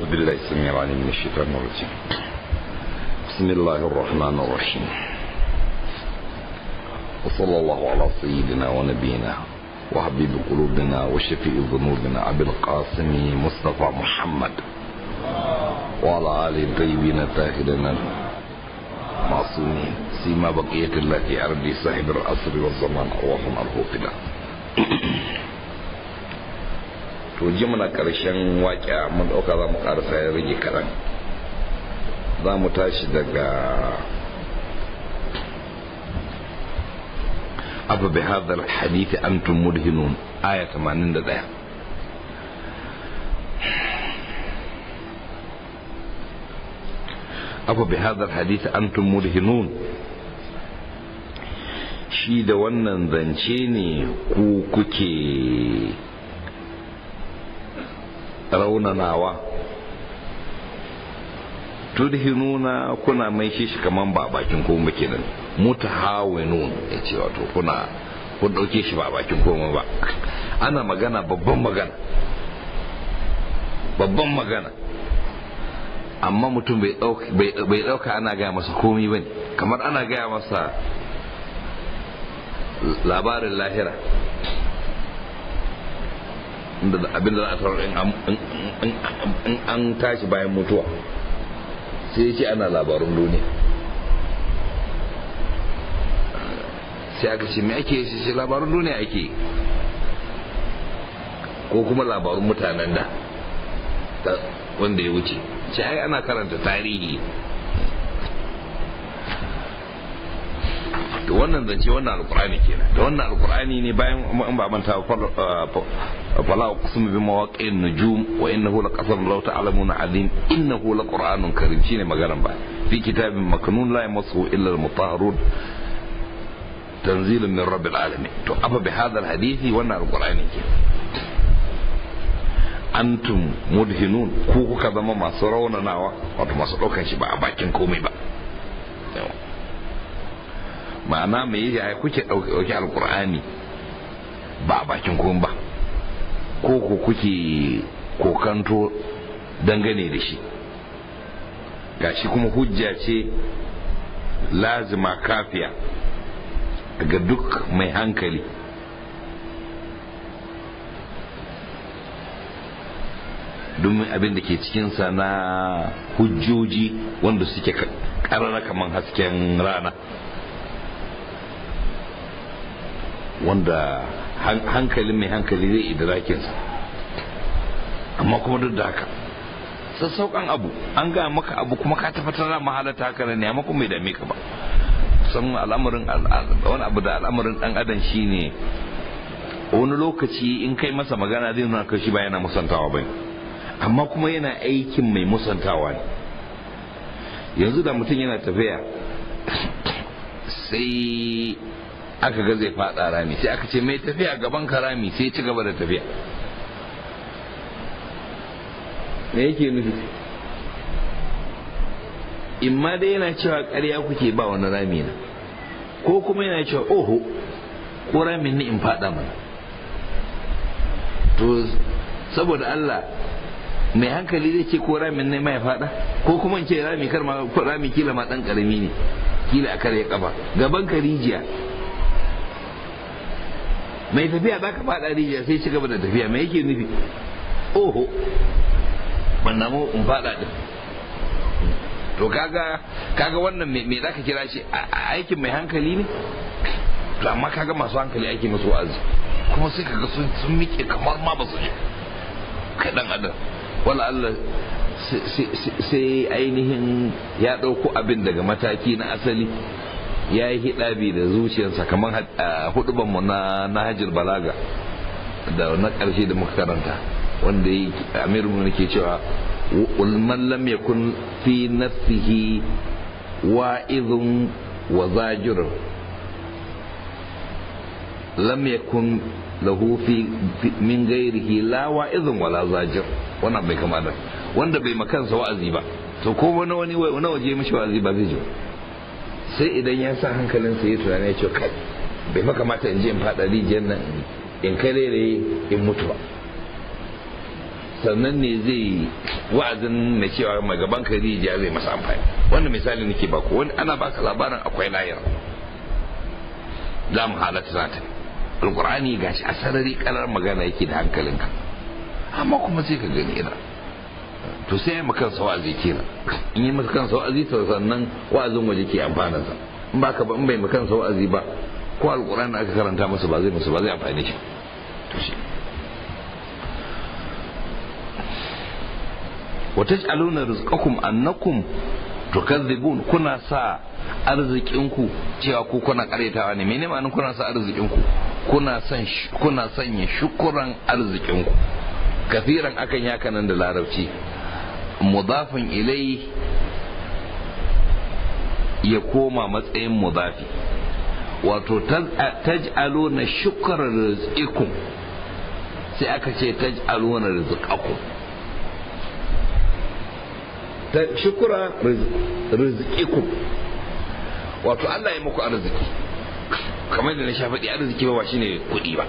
أعوذ بالله السميع العليم من الشيطان الرجيم بسم الله الرحمن الرحيم وصلى الله على سيدنا ونبينا وحبيب قلوبنا وشفيء ذنوبنا أبي القاسم مصطفى محمد وعلى آله الطيبين الطاهرين المعصومين سيما بقية الله في أرض صاحب العصر والزمان اللهم أرفقنا to ji muna karshen waƙa mun ɗauka za mu ƙarasa ya rage kaɗan za mu tashi daga abu bi hadar hadithi antum mudhinun aya 81 abu bi hadar hadithi antum mudhinun shi da wannan zance ne ku kuke raunanawa tudhinuna kuna mai shi kaman ba bakin komai ba kenan mutahawinun ya ce wato kuna kun dauke shi ba bakin komai ba ana magana babban magana babban magana amma mutum bai dauka ana gaya masa komai ba ne kamar ana gaya masa labarin lahira abin da za a tarar in an tashi bayan mutuwa sai ce ana labarin duniya sai aka ce me ake shi shi labarin duniya ake ko kuma labarin mutanen da wanda ya wuce ce ai ana karanta tarihi to wannan zance wannan alkur'ani kenan da wannan alkur'ani ne bayan in ba manta uh, fala uqsimu bi mawaqi'in nujum wa innahu laqasam law ta'lamuna azim innahu laqur'anun karim shine magaran ba fi kitabin maknun la yamassuhu illa al-mutahharun tanzilun min rabbil alamin to afa bi hadha al-hadithi wannan alkur'ani kenan antum mudhinun ku kuka zama masu raunanawa wato masu ɗaukan shi ba a bakin komai ba ma'ana mai yaya kuke ɗauki alkur'ani ba a bakin kun ba ko ku kuke kokanto dangane da shi gashi kuma hujja ce lazima kafiya ga duk mai hankali domin abin da ke cikinsa na hujjoji wanda suke karara kamar hasken rana wanda hankalin mai hankali zai idrakinsa amma kuma duk da haka sassauƙan abu an ga maka abu kuma ka tafatar da mahalata haka ne amma kuma bai dame ka ba san al'amarin wani abu da al'amarin dan adam shine wani lokaci in kai masa magana zai nuna kai shi ba yana musantawa ba amma kuma yana aikin mai musantawa ne yanzu da mutum yana tafiya sai aka ga zai fada rami sai aka ce mai tafiya gaban ka rami sai ci gaba da tafiya me yake nufi in ma dai yana cewa ƙarya kuke ba wani rami na ko kuma yana cewa oho ko ramin ni in fada mana to saboda Allah mai hankali zai ce ko ramin ne mai fada ko kuma in ce rami kar ma rami kila ma dan karami ne kila a kare kafa gaban ka rijiya mai tafiya za ka faɗa rijiya sai ci gaba da tafiya mai yake nufi oho ban namu in faɗa ɗin to kaga kaga wannan me za ka kira shi aikin mai hankali ne to amma kaga masu hankali aiki masu wa'azi kuma sai kaga sun sun miƙe kamar ma ba su ji kai adam wala Allah sai ainihin ya ɗauko abin daga mataki na asali ya yi hidabi da zuciyarsa kamar eh, hudubanmu na nahajir balaga da na karshe da muka karanta wanda yi amirmu ke cewa ulman lam kun fi nafsihi wa'izun wa zajir lam kun lahu fi min gairihi la wa'izun wa la zajir wannan bai kama da wanda bai makansa wa'azi ba to ko wani wani waje mashi wa'azi ba zai ji sai idan ya sa hankalinsa ya tunani ya ce kai bai fa kamata in je in faɗa rijiyar nan in kai rairaye in mutu ba sannan ne zai wa'azin na cewa mai gaban ka rijiya zai masa amfani wannan misali nake ba ku wani ana baka labarin akwai layar za mu halatta za ta gashi a sarari kalar magana yake da hankalinka amma kuma sai ka gani idan to sai ya maka kansa wa'azi kenan in yi maka kansa wa'azi to sannan wa'azin waje ke amfanin sa in ka ba in bai maka kansa wa'azi ba ko alqur'ani aka karanta masa ba zai masa ba zai amfani shi to shi wa taj'aluna rizqakum annakum tukadzibun kuna sa arzikinku cewa ku kuna karetawa ne menene ma'anin kuna sa arzikinku kuna san kuna sanya shukuran arzikinku kafiran akan yakanan da larabci mudafin ilai ya koma matsayin mudafi wato taj'aluna shukar rizqikum sai aka ce taj'aluna rizqakum shukura rizqikum wato Allah ya muku arziki kamar da na sha faɗi arziki ba ne kuɗi ba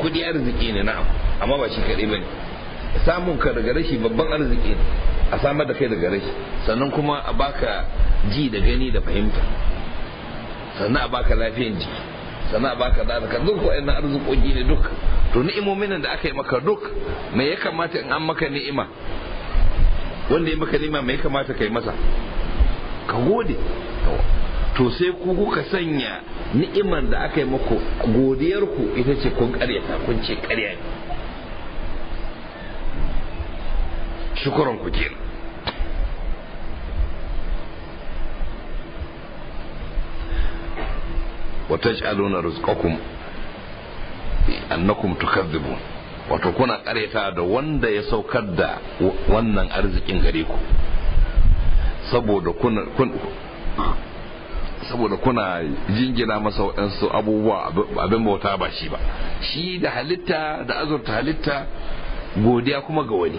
kuɗi arziki ne na'am amma ba shi kaɗai ne. samun ka daga rashi babban arziki a samar da kai daga rashi sannan kuma a baka ji da gani da fahimta sannan a baka lafiyan jiki sannan a baka da ka duk na arzikoki ne duk to ni'imomin da aka yi maka duk me ya kamata in an maka ni'ima wanda ya maka ni'ima me ya kamata ka yi masa ka gode to sai ku kuka sanya ni'imar da aka yi godiyar godiyarku ita ce kun ta kun ce karya ne shukuran ku kenan wa rizqakum annakum tukadzibun wato kuna kareta da wanda ya saukar da wannan arzikin gare ku saboda kuna saboda kuna jingina masa waɗansu abubuwa abin bauta ba shi ba shi da halitta da azurta halitta godiya kuma ga wani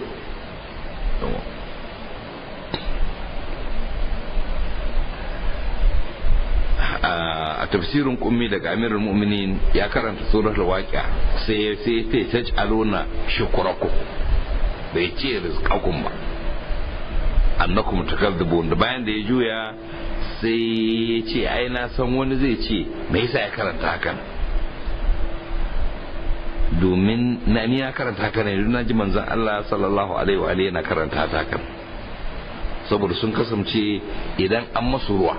A tafsirin kummi daga amirul mu'minin ya karanta surar waqi'a sai ya sai ta taj'aluna da bai ce rizqakum ba annakum takadzibun da bayan da ya juya sai ya ce ai na san wani zai ce me yasa ya karanta hakan domin na ni ya karanta haka ne na ji manzon Allah sallallahu alaihi wa alihi na karanta haka saboda sun kasance idan an masu ruwa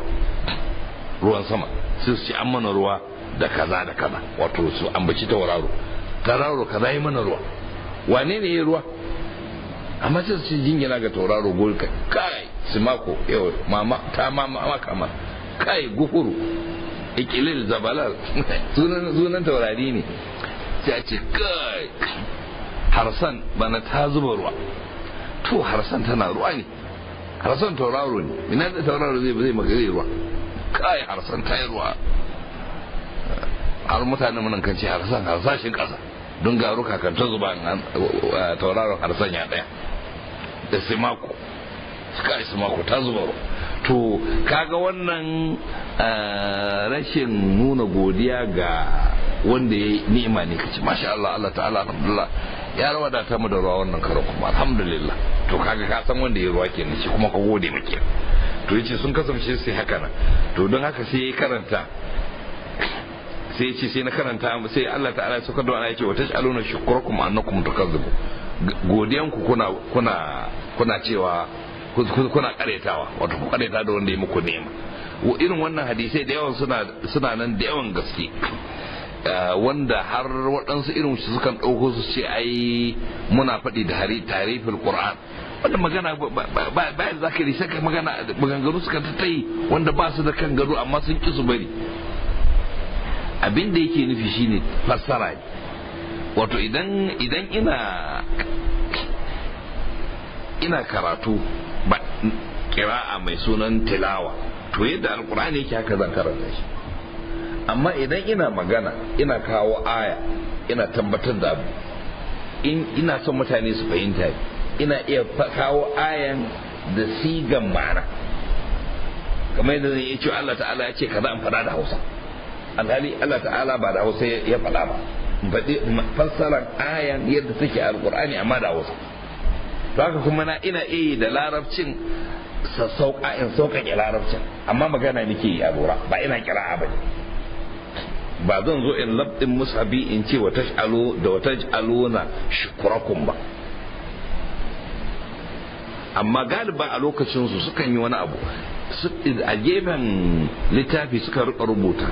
ruwan sama sai su ci an mana ruwa da kaza da kaza wato su ambaci tauraro tauraro kaza yi mana ruwa wane ne ya ruwa amma sai su ci jingina ga tauraro gol kai su mako, yau mama ta mama kama kai gufuru ikilil zabalal sunan taurari ne ta ce kai harsan bana ta zuba ruwa to harsan tana ruwa ne harsan tauraro ne ina da tauraro zai zai magare ruwa kai harsan ta yi ruwa har mutane munan kan ce harsan harsashin kasa don garu kan ta zuba tauraron harsan ya daya da simako kai simako ta zuba ruwa to kaga wannan rashin nuna godiya ga wanda ya yi ni'ima ne kace masha Allah Allah ta'ala alhamdulillah ya rawa da ta mu da ruwa wannan karo kuma alhamdulillah to kaga ka san wanda ya ruwa kenan shi kuma ka gode muke to yace sun kasance sai haka nan to don haka sai ya karanta sai yace sai na karanta sai Allah ta'ala suka da wani yake wa shaluna shukurkum annakum tukazzibu godiyan ku kuna kuna kuna cewa kuna karetawa wato ku kareta da wanda ya muku nema irin wannan hadisai da yawan suna suna nan da yawan gaske Eh, wanda har waɗansu irin su sukan ɗauko su ce ai muna faɗi da tarifin qur'an wanda magana bayan za ka yi sai magana maganganu suka ta wanda ba su da kan gado amma sun ƙi su bari abin yake nufi shine fassara ne wato idan ina ina karatu ba kira'a mai sunan tilawa to yadda alkur'ani yake haka zan karanta shi amma idan ina magana ina kawo aya ina tabbatar da abu ina son mutane su fahimta ina iya kawo ayan da sigan ma'ana kamar yadda zai ce Allah ta'ala ya ce kaza an faɗa da Hausa alhali Allah ta'ala ba da Hausa ya faɗa ba faɗi fassarar ayan yadda take alkur'ani amma da Hausa to haka kuma na ina iya da larabcin sassauƙa in sauƙaƙe larabcin amma magana nake yi a lura ba ina kira'a ba ne ba zan zo in labdin musabi in ce wa tash'alu da wa taj'aluna shukurakum ba amma galiba a lokacin su sukan yi wani abu a gefen littafi suka rubuta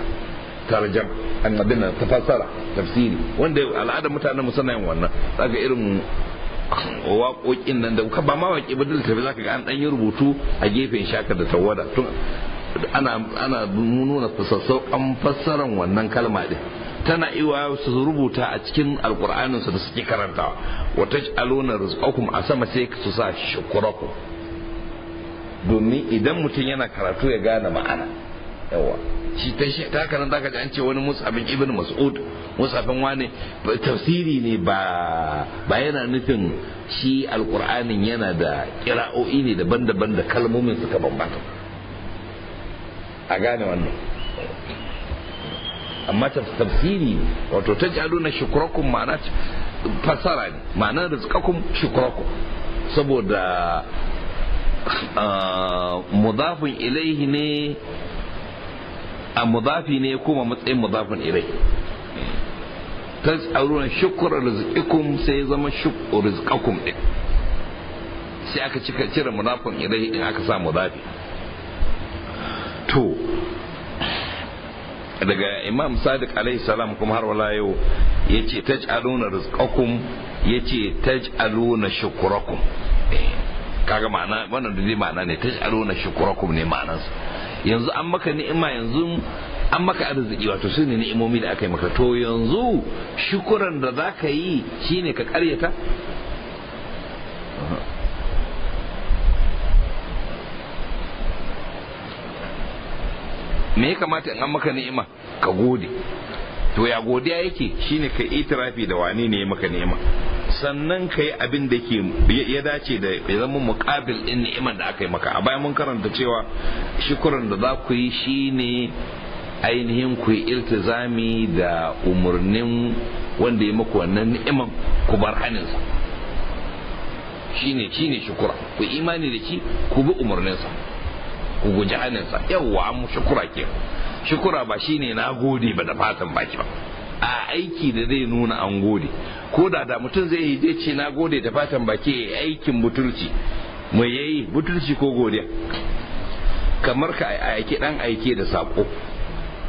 tarjam annabin nan tafassara tafsiri wanda al'adar mutanen yin wannan Zaka irin waƙoƙin nan da ba ma waƙi ba da littafi zaka ga an ɗan yi rubutu a gefen shaka da tawada tun ana nuna nuna an fassaran wannan kalma din tana iwa su rubuta a cikin alkur'anin su da suke karanta wa rizqakum a sama sai su sa shukurakum domin idan mutum yana karatu ya gane ma'ana yawa shi ta karanta ka ji an ce wani musabin ibn mas'ud musabin wani tafsiri ne ba ba yana nufin shi alkur'anin yana da kira'o'i ne daban-daban da kalmomin suka bambanta a gane wannan amma tafsiri wato ta jalo na shukurakun ma'ana fasara ne ma'ana rizqakum shukurakun saboda mudafin ilaihi ne a mudafi ne kuma matsayin mudafin ilai na shukra rizikikun sai ya zama shukru rizikakun ɗin sai aka cika cire mudafin ilai in aka sa mudafi fito daga imam sadiq alaihi salam kuma har wala yau ya ce taj'aluna rizqakum ya ce taj'aluna shukurakum eh, kaga ma'ana wannan dai ma'ana ne taj'aluna shukurakum ne ma'anarsa yanzu an maka ni'ima yanzu an maka arziki wato su ne ni'imomi da aka yi maka to yanzu shukuran da za ka yi shine ka karyata me ya kamata in an maka ni'ima ka gode to ya godiya yake shine kai itirafi da wane ne ya maka ni'ima sannan kai abin da ke ya dace da ya zama mukabil ɗin ni'imar da aka yi maka a bayan mun karanta cewa shukuran da za ku yi shine ainihin ku yi iltizami da umarnin wanda ya maku wannan ni'imar ku bar haninsa shine shine shukura ku imani da shi ku bi umarninsa ku guji haninsa yawwa an shukura ke shukura ba shine na gode ba da fatan baki ba a aiki da zai nuna an gode ko da da mutum zai yi zai ce na gode da fatan baki aikin butulci mu yayi butulci ko godiya kamar ka aiki dan aike da sako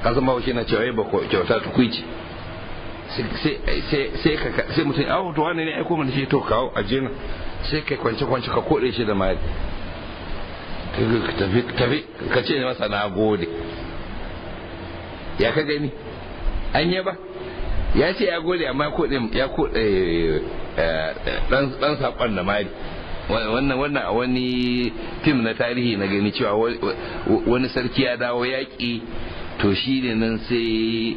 ka zama wace na cewa ba kyauta ta kuici sai sai mutum awo wato wani ne aiko mana shi to kawo a jina sai kai kwance kwance ka kode shi da mayar ka ce masa na gode ya ka gani an yaba ya ce ya gode amma ya koɗe eh, ɗan saƙon da mari wannan a wani fim na tarihi na gani cewa wani sarki ya dawo yaƙi to shi ne nan sai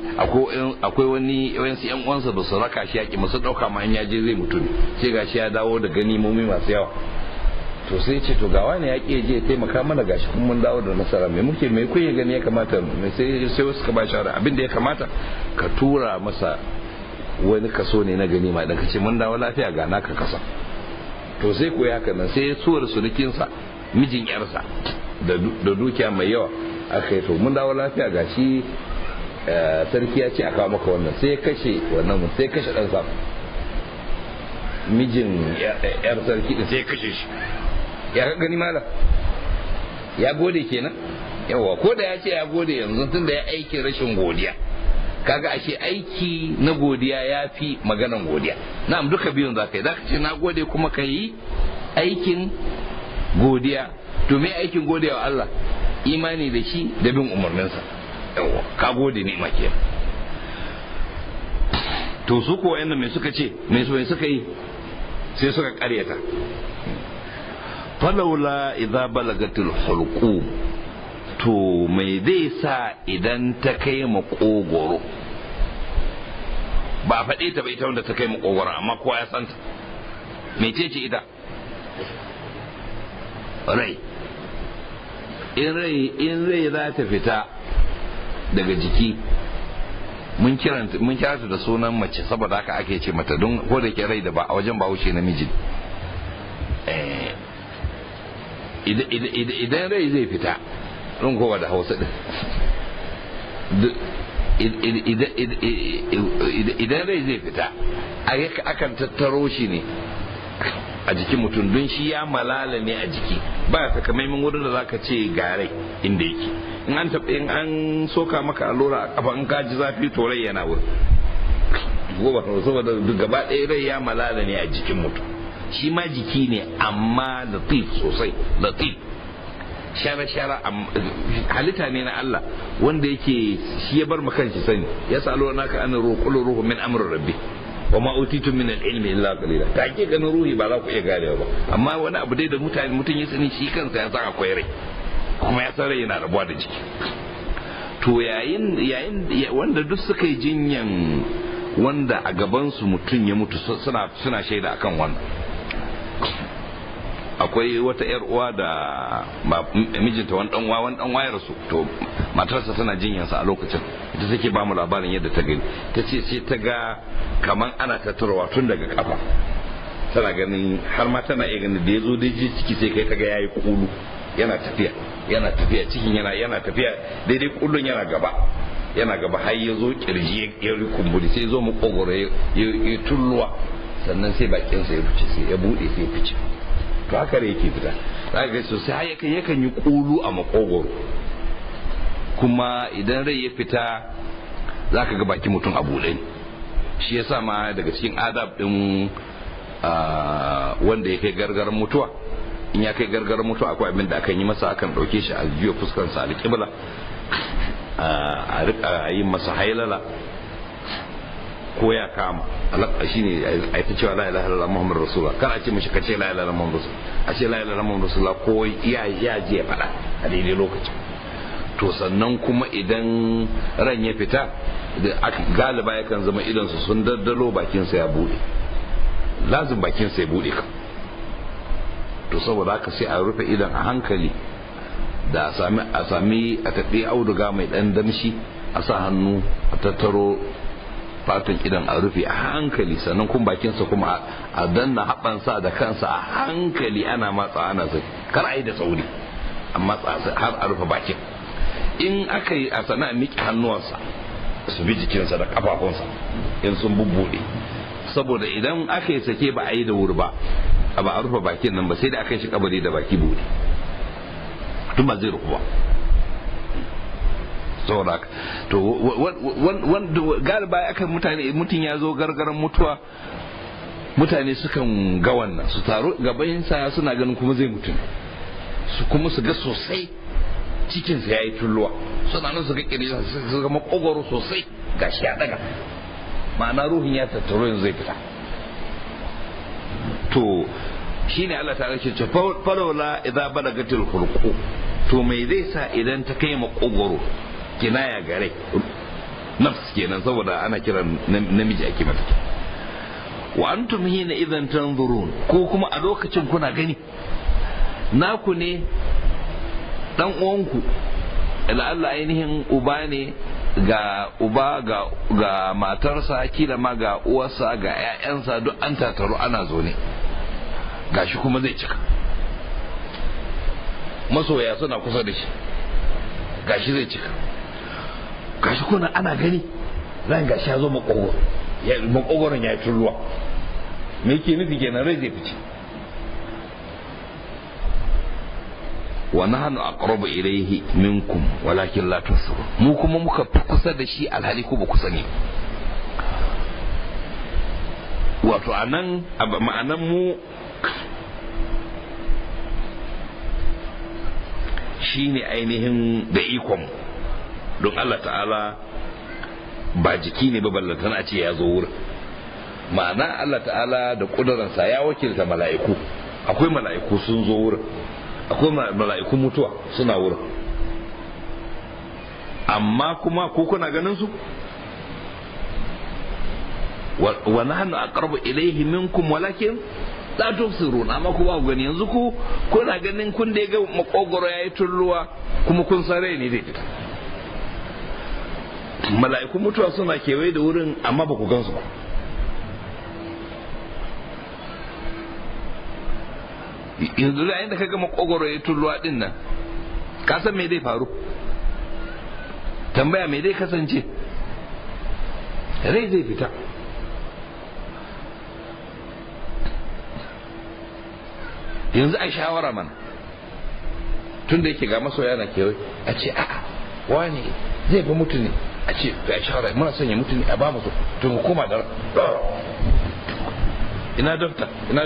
akwai wani wayansu yan uwansa ba su raka shi yaƙi masu ɗauka ma an yaje zai mutu ne sai ga shi ya dawo da gani ganimomi masu yawa to sai ce to ga wani ya ke je taimaka mana gashi kuma mun dawo da nasara mai muke mai kuye gani ya kamata mai sai sai wasu ka ba shawara abin da ya kamata ka tura masa wani kaso ne na gani ma dan kace mun dawo lafiya ga naka kasa to sai ko ya nan sai suwar sunukinsa sa mijin yarsa da dukiya mai yawa aka yi to mun dawo lafiya gashi eh, sarki ya ce a kawo maka wannan sai kashe wannan sai kashe dan sa mijin yar sarki sai kashe shi ya gani malam ya gode kenan yawa ko da ya ce ya gode yanzu tun da ya aikin rashin godiya kaga ashe aiki na godiya ya fi maganan godiya na'am duka biyun za ka yi za ka ce na gode kuma ka yi aikin godiya to me aikin godiya wa Allah imani da shi da bin umarninsa yawa ka gode ne ma kenan to su ko yadda mai suka ce mai suka yi sai suka karyata falaula idza balagatul hulqum to mai zai sa idan ta kai makogoro ba a faɗe ta ba ita wanda ta kai makogoro amma kowa ya san ta. Me santa ce ita rai in rai in rai za ta fita daga jiki mun kira ta da sunan mace saboda haka ake ce mata don ko da ke rai da ba a wajen ba ce namiji eh idan rai zai fita ɗin kowa da hausa ɗin idan rai zai fita akan tattaro shi ne a jikin mutum don shi ya malala ne a jiki ba takamaiman wurin da zaka ce garai inda yake in an taɓa in an soka maka allura a kafa in kaji zafi to rai yana wurin gobe saboda gaba ɗaya rai ya malala ne a jikin mutum shi ma jiki ne amma latif sosai latif shara-shara halitta ne na Allah wanda yake shi ya bar makan shi sani ya sa alwana ka ana roƙulu ruhu min amr rabbi wa ma utitu min al-ilmi illa qalila ta ake ganin ruhi ba za ku iya gane ba amma wani abu dai da mutane mutum ya sani shi kansa ya san akwai rai kuma ya san rai yana rabuwa da jiki to yayin yayin wanda duk suka yi jinyan wanda a gabansu mutum ya mutu suna shaida akan wannan akwai wata yar uwa da mijinta wani dan uwa wani dan wayar su to matarsa tana yansa a lokacin ita take ba mu labarin yadda ta gani ta ce sai ta ga kaman ana tattarwa tun daga kafa tana ganin har ma tana iya ganin da ya zo da ji ciki sai kai ta ga yayi kulu yana tafiya yana tafiya cikin yana yana tafiya daidai kullun yana gaba yana gaba har ya zo kirji ya rikumburi sai zo mu kogoro ya tulluwa sannan sai bakin sa ya fice sai ya bude sai ya fice to haka ne yake fita za ga sosai har yakan yakan yi kulu a makogoro kuma idan rai ya fita za ka ga baki mutum a buɗe shi ya sa ma daga cikin adab ɗin wanda ya kai gargaran mutuwa in ya kai gargaran mutuwa akwai abin da akan yi masa akan ɗauke shi a fuskar fuskansa alƙibla a yi masa hailala ko ya kama shine a ta cewa la ilaha illallah muhammadur rasulullah kar a ce mishi kace la ilaha illallah muhammadur rasulullah a ce la ilaha illallah muhammadur rasulullah ko ya ya je faɗa a daidai lokacin to sannan kuma idan ran ya fita da galiba yakan zama idansu sun daddalo bakinsa ya bude lazim bakinsa ya bude ka to saboda haka sai a rufe idan a hankali da a sami a tafi auduga mai dan damshi a sa hannu a tattaro fatan idan a rufe a hankali sannan kun bakinsa kuma a danna haɓansa da kansa a hankali ana matsa ana sai kar a yi da sauri amma har a rufe bakin in aka yi a sana'a miƙe hannuwansa su bi jikinsa da kafafunsa in sun bubbuɗe saboda idan aka sake ba a yi da wuri ba a ba a rufe bakin nan ba sai da aka yi shi kabari da baki buɗe tun ba zai rufu ba saboda to wanda galiba akan mutane mutum ya zo gargaran mutuwa mutane sukan ga wannan su taro gaban sa suna ganin kuma zai mutu su kuma su ga sosai cikin sa yayi tulluwa suna nan su ga kirisa su ga makogoro sosai gashi ya daga ma'ana ruhin ya tattaro yanzu zai fita to shine Allah ta rake ce falola idza balagatil khulqu to me zai sa idan ta kai makogoro kinaya ga rai nafs kenan saboda ana kiran namiji ake mata wa antum hina idan tanzurun ko kuma a lokacin kuna gani naku ne dan uwanku Allah ainihin uba ne ga uba ga, ga matarsa kila ma ga uwarsa ga 'ya'yansa duk an tataru ana zo ne gashi kuma zai cika masoya suna kusa da shi gashi zai cika gashi kuna ana gani ran gashi ya zo makogoro makogoron ya yi turluwa me yake nufi kenan rai zai fice wa nahnu aqrabu ilayhi minkum walakin la tusirun mu kuma muka fi kusa da shi alhali ko ba ku sani wato anan ma'anan mu shine ainihin da ikon mu don Allah ta'ala ba jiki ne ba ballantana a ce ya zo wurin ma'ana Allah ta'ala da ƙudurarsa ya wakilta mala'iku akwai mala'iku sun zo wurin akwai mala'iku mutuwa suna wurin amma kuma ko kuna ganin su wa nahnu aqrabu ilayhi minkum walakin la tubsirun amma ku ba gani yanzu ku kuna ganin kun da ga makogoro yayi tulluwa kuma kun sare ne dai mala'ikun mutuwa suna kewaye da wurin amma ba ku gansu ba yanzu da yayin da ka gama kogoro ya tulluwa din nan ka san me zai faru tambaya me zai kasance rai zai fita yanzu a shawara mana tun da yake ga masoya na kewaye a ce a'a wani zai fi mutu ne a ce ga shahara muna sanya mutum mutu a ba mu to mu koma da ina dokta ina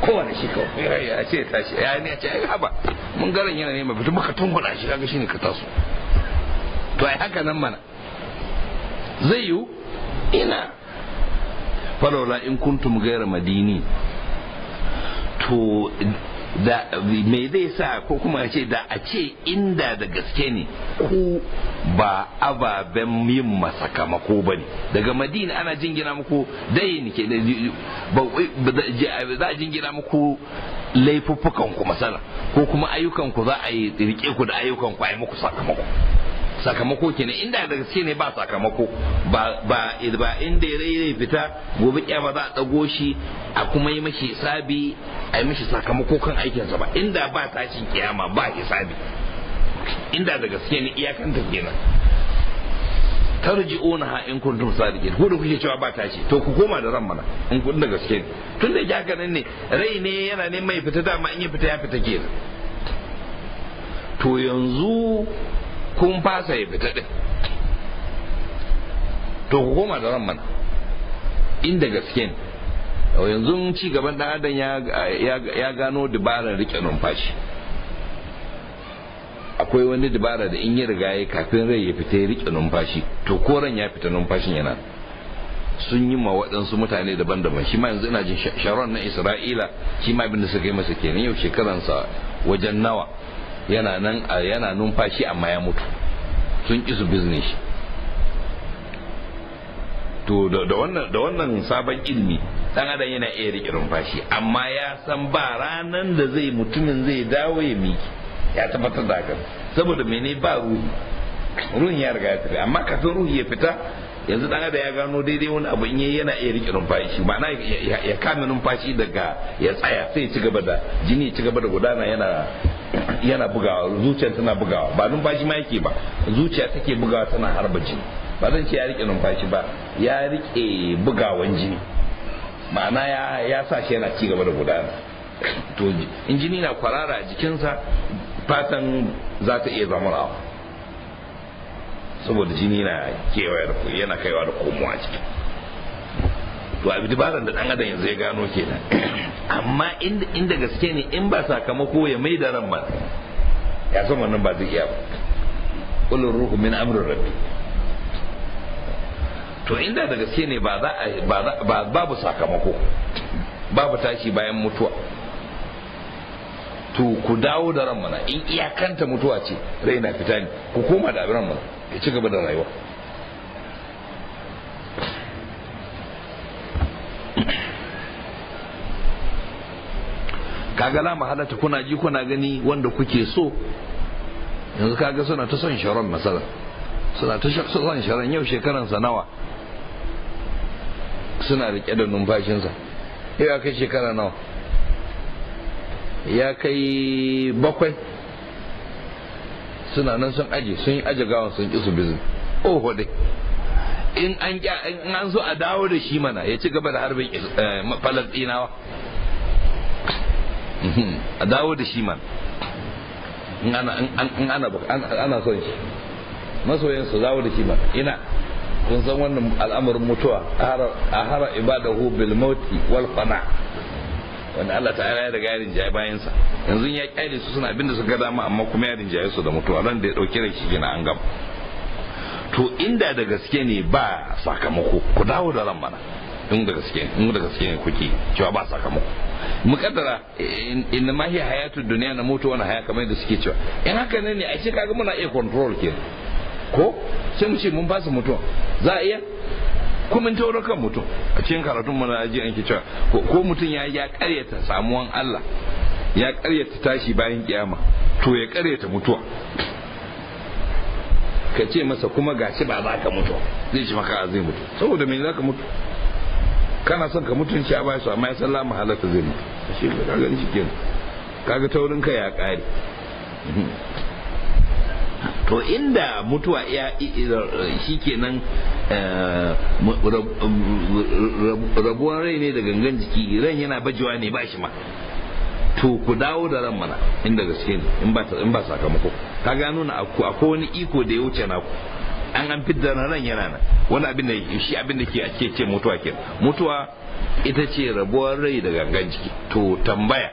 kowane shi kawai ya ce tashi ya ne a ce ya haba mun garin yana nema bitu muka tunguɗa shi kaga ne ka taso to ai haka nan mana zai yiwu ina falola in kuntum gaira madini to da me zai sa ko kuma ce da a ce inda da gaske ne ko ba ababen yin masakamako ba ne daga madina ana jingina muku ne ke za a jingina muku laifuffukan ku masana ko kuma ayyukanku za a yi rike ku da ayyukanku a yi muku sakamako sakamako kenan inda da gaske ne ba sakamako ba ba inda ya rai fita gobe kyama za a tsago shi a kuma yi mashi hisabi a yi mashi sakamako kan aikinsa ba inda ba tashin kiyama ba hisabi inda da gaske ne iyakanta kenan ha in kuntum sadiqin ko da kuke cewa ba ta ce to ku koma da ran mana in kun da gaske ne tun da ya ganin ne rai ne yana neman ya fita dama in ya fita ya fita kenan to yanzu kun fasa ya fita din to ku koma da mana inda gaske ne yanzu ci gaban dan adam ya gano dabarar rike numfashi akwai wani dabara da in ya riga ya kafin rai ya fita ya rike numfashi to koran ya fita numfashin yana sun yi ma waɗansu mutane daban-daban shi ma yanzu ina jin sharon na isra'ila shi ma abin da suka yi masa kenan yau shekaransa wajen nawa yana nan yana numfashi amma ya mutu sun ƙi su business to da wannan da wannan sabon ilmi dan adam yana iya riƙe numfashi amma ya san ba ranan da zai mutumin zai dawo ya miki ya tabbatar da hakan saboda mene ba ruhi ruhin ya riga ya tafi amma kafin ruhi ya fita yanzu dan adam ya gano daidai wani abu in yana iya riƙe numfashi ma'ana ya kame numfashi daga ya tsaya sai ya ci gaba da jini ya ci gaba da gudana yana yana bugawa zuciya tana bugawa ba numfashi ma yake ba zuciya take bugawa tana harba jini ba zan ce ya rike numfashi ba ya rike bugawan jini ma'ana ya ya sa shi yana cigaba da gudana to in na kwarara a jikinsa fatan za ta iya rawa saboda jini na kewaye yana kaiwa da komowa ciki to a dabaran da dan adam yanzu ya gano kenan amma inda gaske ne in ba sakamako ya mai da ran ba ya san wannan ba zai iya ba kullu ruhu min amri rabbi to inda da gaske ne ba za ba babu sakamako babu tashi bayan mutuwa to ku dawo da ran mana in iyakanta mutuwa ce rai na fita ne ku koma da ran mana ya ci gaba da rayuwa kaga la mahalata kuna ji kuna gani wanda kuke so yanzu kaga suna ta son sharon masala suna ta son sharon yau shekaransa nawa suna rike da numfashinsa yau ya kai shekara nawa ya kai bakwai suna nan sun aje sun yi aje gawan sun ki su bizin oh dai in an in an so a dawo da shi mana ya ci gaba da harbin eh, falastinawa mhm, a dawo da shi mana in ana son shi masoyin su dawo da shi mana ina kun san wannan al'amarin mutuwa a hara ibadahu bil mauti wal fana wanda Allah ta ya yarin ya bayan bayansa yanzu ya kyale su suna abinda suka dama amma kuma yarin rinjaye su da mutuwa ran da ya dauke da shi gina an gaba to inda da gaske ne ba sakamako ku dawo da ran mana in da gaske in da gaske ne kuke cewa ba sakamako mukaddara inna ma hiya hayatu dunya na mutu wani haya kamar da suke cewa in haka ne a ce kaga muna iya control ke ko sai mu ce mun fasa mutuwa za a iya kuma mun tauro kan mutu a cikin karatun mana aji an cewa ko mutum ya ya karyata samuwan Allah ya karyata tashi bayan kiyama to ya karyata mutuwa ka ce masa kuma gashi ba za ka mutu zai shi maka zai mutu saboda me za ka mutu kana son ka mutun shi a bai su amma ya san lamu halatta zai mutu shi ka gani shi kenan kaga taurin ka ya kare to inda mutuwa ya shi kenan eh, rabuwan rai ne da gangan jiki ran yana bajewa ne ba shi ma to ku dawo da ran mana inda gaske ne in ba sakamako ka gano na aku akwai wani iko da ya wuce naku an an fidda ran yana nan wani abin da shi abin da ke ake ce mutuwa ke mutuwa ita ce rabuwar rai da gangan jiki to tambaya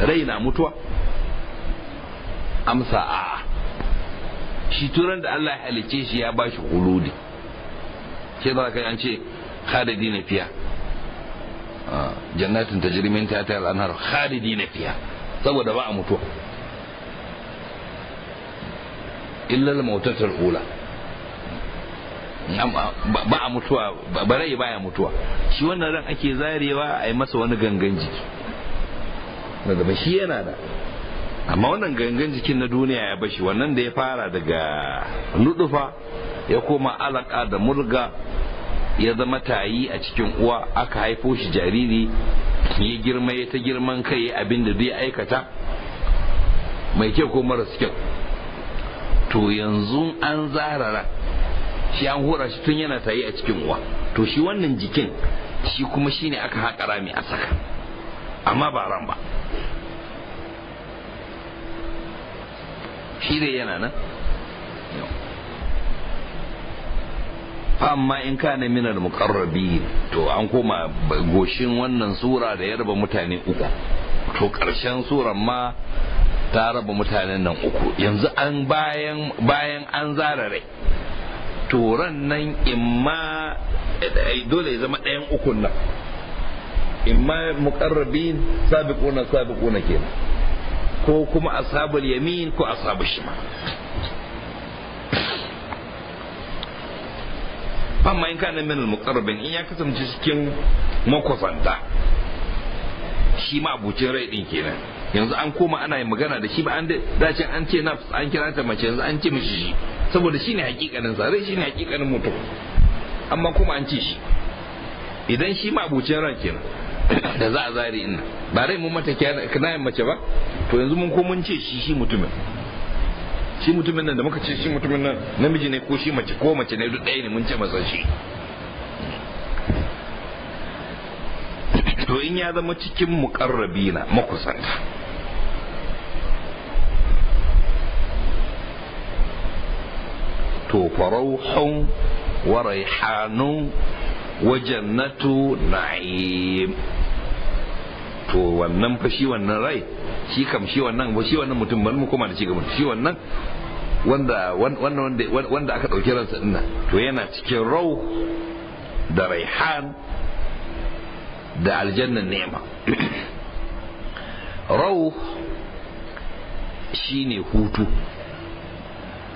rai na mutuwa amsa a shi turan da Allah ya halice shi ya bashi huludi ke ba ka an ce khalidi na fiya ah, jannatin tajrimin ta ta al'anhar khalidi na fiya saboda ba a mutuwa illal mautatul ula ba a mutuwa ba rai baya mutuwa shi wannan ran ake zarewa a yi masa wani gangan jiki daga gaba shi yana da amma wannan gangan jikin na duniya ya bashi wannan da ya fara daga nudufa ya koma alaka da murga ya zama tayi a cikin uwa aka haifo shi jariri ya girma ya ta girman kai abinda da zai aikata mai kyau ko maras kyau to yanzu an zarara shi an hura shi tun yana tayi a cikin uwa to shi wannan jikin shi kuma shine aka haƙa rami a saka amma ba ran ba shi dai yana nan amma in kana minar muqarrabi to an koma goshin wannan sura da ya mutane uku to ƙarshen suran ma ta raba mutanen nan uku yanzu an bayan bayan an zara rai turan nan imma eh, dole ya zama ɗayan ukun nan imma muqarrabin sabiquna sabiquna kenan ko kuma ashabul yamin ko ashabu shima. amma in kana min muqarrabin in ya kasance cikin makwasanta shi ma abucin rai din kenan yanzu an koma ana yin magana da shi ba an dace an ce na an kira ta mace yanzu an ce mishi shi saboda shine hakikanin sa rai shine hakikanin mutum amma kuma an ce shi idan shi ma abucin ran kenan da za a zari inna ba rai mun mata yin mace ba to yanzu mun ko mun ce shi shi mutumin shi mutumin nan da muka ce shi mutumin nan namiji ne ko shi mace ko mace ne duk ɗaya ne mun ce masa shi to in ya zama cikin na makusanta to farauhun wa raihanu wa jannatu na'im to wannan fa shi wannan rai shi kam shi wannan shi wannan mutum bari mu koma da shi shi wannan wanda wanda wanda aka dauke ransa dinnan to yana cikin rau da raihan da aljannan ne'ima rau shine hutu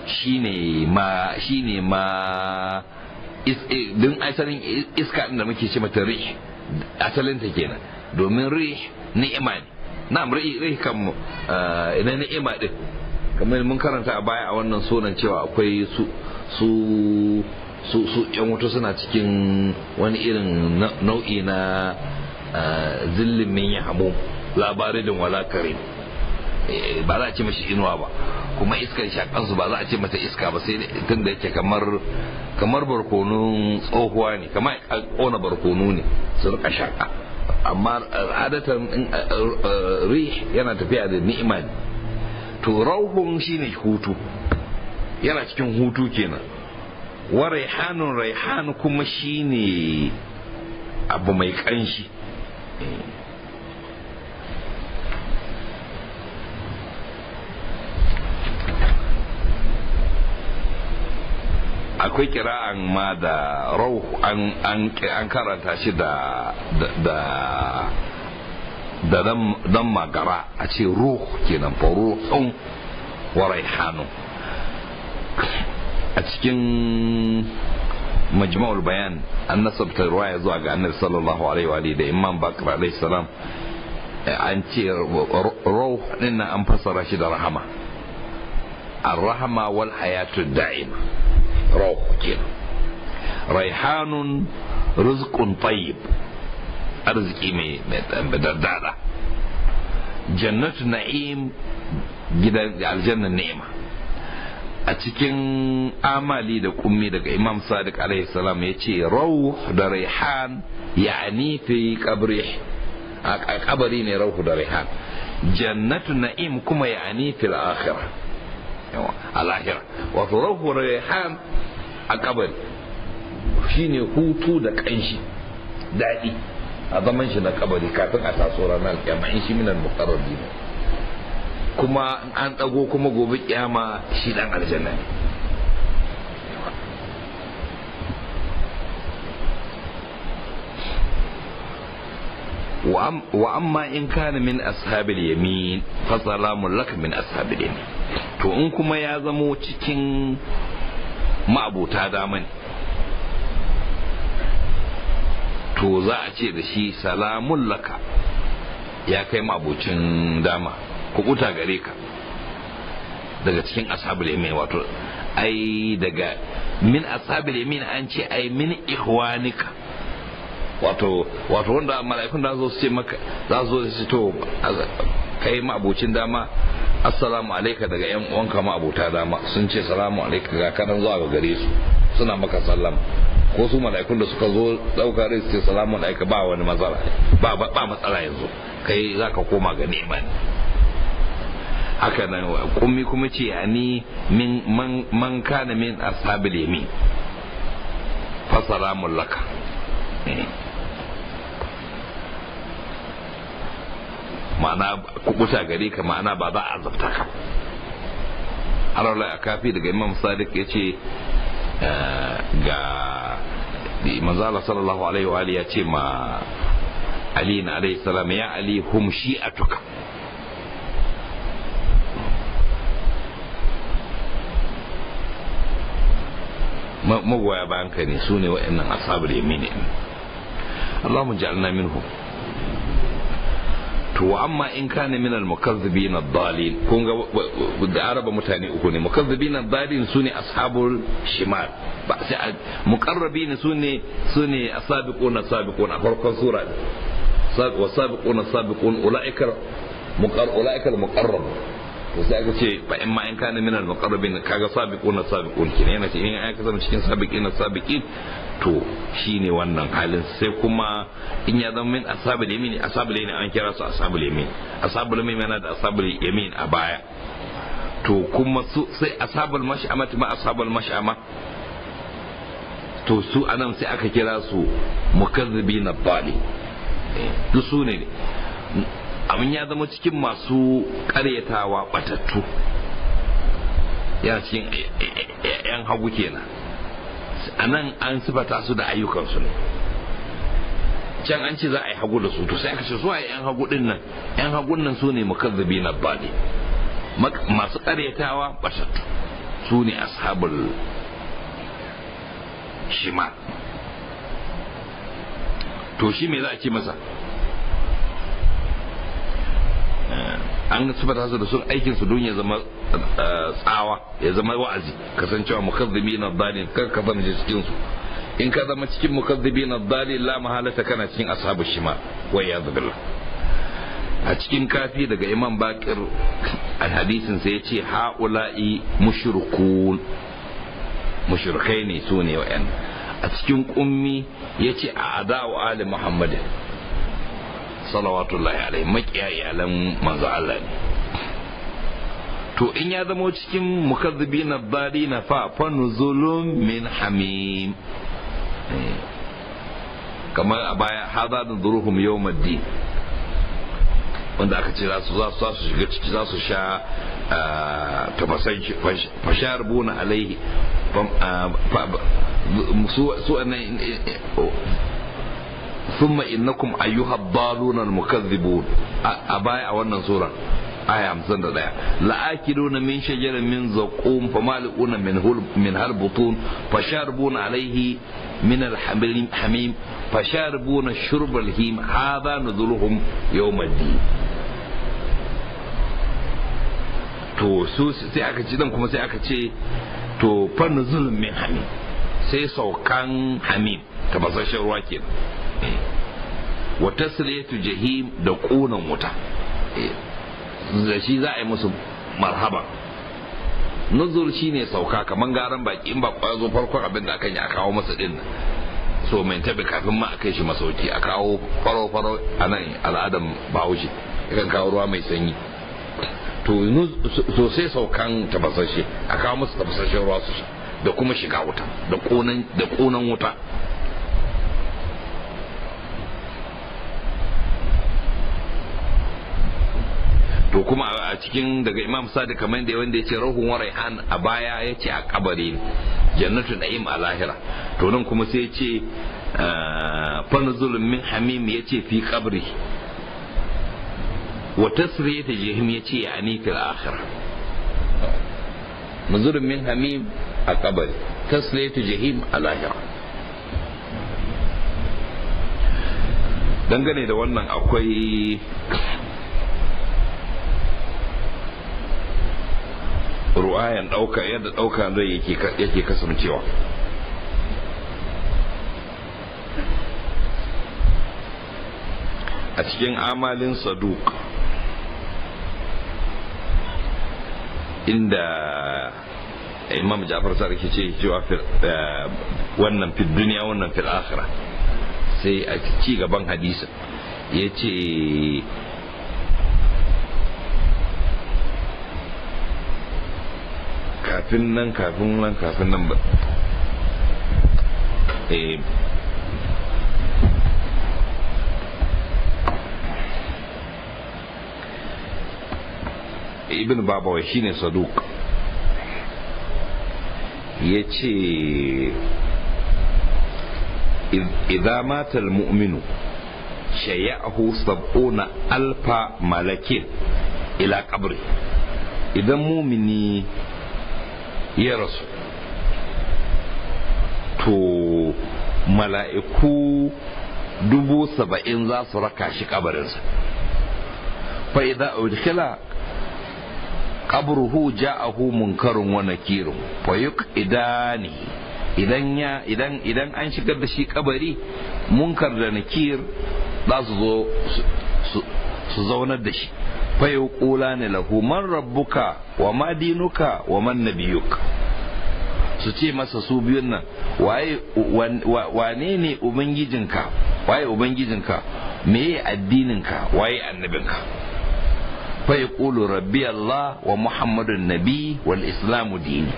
shine ma shine ma eh, din asalin iska din da muke ce mata rih asalin ta kenan domin rih ni'ima ne na rih rih kan eh, ina ni'ima din kamar mun karanta a baya a wannan sunan cewa akwai su su su su yan wuta suna cikin wani irin nau'i na eh, zillin min ya labarin walakarin Eh, ba za a ce mashi inuwa ba kuma iskar shakansu ba za a ce mata iska ba sai tun da yake kamar kamar barkonun tsohuwa ne kamar kona barkonu ne su rika shaka amma adatan eh, eh, rih yana tafiya da ni'ima ne to rauhun shine hutu yana cikin hutu kenan wa raihanun raihan kuma shine abu mai kanshi akwai kira'an ma da rau an karanta shi da da dan magara a ce ruh kenan faru ruhun warai hannu. a cikin majma'ul bayan an nasabta ya zuwa ga annabi sallallahu alaihi wa da imam bakr alaihi salam an ce ruh din an fassara shi da rahama ar-rahama wal hayatu da'ima raw kenan raihanun rizqun tayyib arziki mai dardada jannatu na'im gidan aljanna ni'ima a cikin amali da ƙummi daga imam sadiq alaihi salam ya ce rauh da raihan ya'ani fi kabari ne rauh da raihan jannatu na'im kuma ya'ani fil akhirah al akhirah da raihan a kabari shine hutu da kanshi daɗi a zaman shi na kabari kafin a taso ranar alkiyama in shi minan muƙarar ne kuma an ɗago kuma gobe ƙyama shi ɗan aljanna ne wa amma in kana min ashabil yamin fa salamun laka min ashabil yamin to in kuma ya zamo cikin ma'abota dama ne to za a ce da shi salamun laka ya kai ma'abocin dama kukuta gare ka daga cikin ashabul yamin wato ai daga min ashabul yamin an ce ai min ihwanika wato wato wanda mala'ikun da zo su ce maka za su zo su to kai ma'abocin dama assalamu alaika daga yan uwanka ma'abota dama sun ce salamu alaika ga kanan zuwa ga gare su suna maka sallama ko su mala'ikun da suka zo ɗauka rai su ce salamu alaika ba wani matsala ba ba matsala yanzu kai zaka koma ga neman haka nan kummi kuma ce ani min man, man kana min ashabil yamin fa salamun laka eh. ma'ana kubuta gare ka ma'ana ba za a azabta ka harawar a kafi daga imam sadiq ya ce eh, ga manzala sallallahu alaihi wa ya ce ma ali na alaihi salam ya ali hum shi'atuka magoya bayan ka ne su ne wa'annan asabar yamini Allahumma ja'alna minhum to amma in kana min al-mukazzibin ad-dalil kun ga da araba mutane uku ne mukazzibin ad-dalil sune ashabul shimal ba sai muqarrabin sune sune asabiquna sabiquna farkon sura wa sabiquna sabiqun ulaika muqar ulaika al-muqarrab to sai ka ce ba in ma in kana min al-muqarrabin kaga sabiquna sabiqun kin yana ce in aka zama cikin sabiqina sabiqin to shine wannan halin sai kuma in ya zama min asabul yamin asabul yamin an kira su asabul yamin asabul yamin yana da asabul yamin a baya to kuma su sai asabul mash'ama ma asabul mash'ama to su anan sai aka kira su mukazzibin na bali duk su ne abin ya zama cikin masu karyatawa batattu ya cikin yan hagu kenan a nan an sifata su da ayyukansu ne can an ce za a yi hagu da su to sai aka ce su yan hagu din nan yan hagun nan su ne mukazzabi na bali masu karyatawa bashattu su ne ashabul shima to shi me za a ce masa eh. an sifata su da sun aikin su don ya zama eh, tsawa ya zama wa'azi kasancewa mukazzibina dalil kar ka zama cikin su in ka zama cikin mukazzibina dalil la mahalata kana cikin ashabu shima wa ya a cikin kafi daga imam bakir a hadisin sai ya ce ha'ula'i mushrikun mushrikai ne su ne a cikin kummi ya ce a adawa ali muhammadin salawatullahi alaihi makiya iyalan manzo Allah ne to in ya zamo cikin mukazzibina dalina fa fa nuzulun min hamim eh. kamar a baya haza da zuruhum yawmaddin wanda aka ce za su za su shiga ciki za su sha ah, tafasan shi fashar buna alaihi ah, su eh, eh, thumma innakum ayyuhad dalunal mukazzibun a baya a wannan sura aya hamsin da ɗaya la'akiluna min shajarin min zaqum famali'una min min halbutun fasharibuna alaihi min alhamim fasharibuna shurbal him hadha nuzuluhum yawmiddin to su sai aka ci dan kuma sai aka ce to fa nuzulun min hamim sai saukan hamim tabassashen ruwa kenan wa tasliyatu jahim da kunan wuta eh, da shi za a yi musu marhaba nuzur shi ne sauka kamar garan baki in ba kwaya zo farko abin da akan yi a kawo masa din so mai tabi kafin ma a kai shi masauki a kawo faro-faro a nan al'adam bahaushe yakan kawo ruwa mai sanyi to sosai saukan tabasashe a kawo musu tabasashen ruwa su da kuma shiga wuta da kunan wuta to kuma a cikin daga imam sadiq kamar da wanda ya ce rahun warai an a baya ya ce a kabari jannatu na'im a lahira to nan kuma sai ya ce ah, fanzul min hamim ya ce fi kabri wa tasri ta jihim ya ce ya ani fil akhira manzul min hamim a kabari tasri ta jihim a lahira dangane da wannan akwai ru'ayan ɗauka yadda ɗauka zai yake kasancewa a cikin amalin saduk inda imam ja'far sarki ce cewa eh, wannan fil duniya wannan fil akhirah sai a ci gaban hadisa ya ce kafin nan kafin nan kafin nan ba eh. ibn babawai shine saduk ya ce idza mata almu'minu shay'ahu sab'una alfa malakin ila qabri idan mumini ya rasu to mala'iku dubu saba'in za su raka shi kabarinsa fa'iza udkhila qabruhu ja'ahu munkarun wa nakirun fa yuqidani idan ya idan idan an shigar da shi kabari munkar da nakir za su zo su zaunar da shi kula ne lahu man rabbuka wa ma dinuka wa man nabiyuka su ce masa su biyun nan waye wane ne ubangijinka waye ubangijinka meye addininka waye annabinka fa yaqulu rabbi Allah wa muhammadun nabi wal islamu dini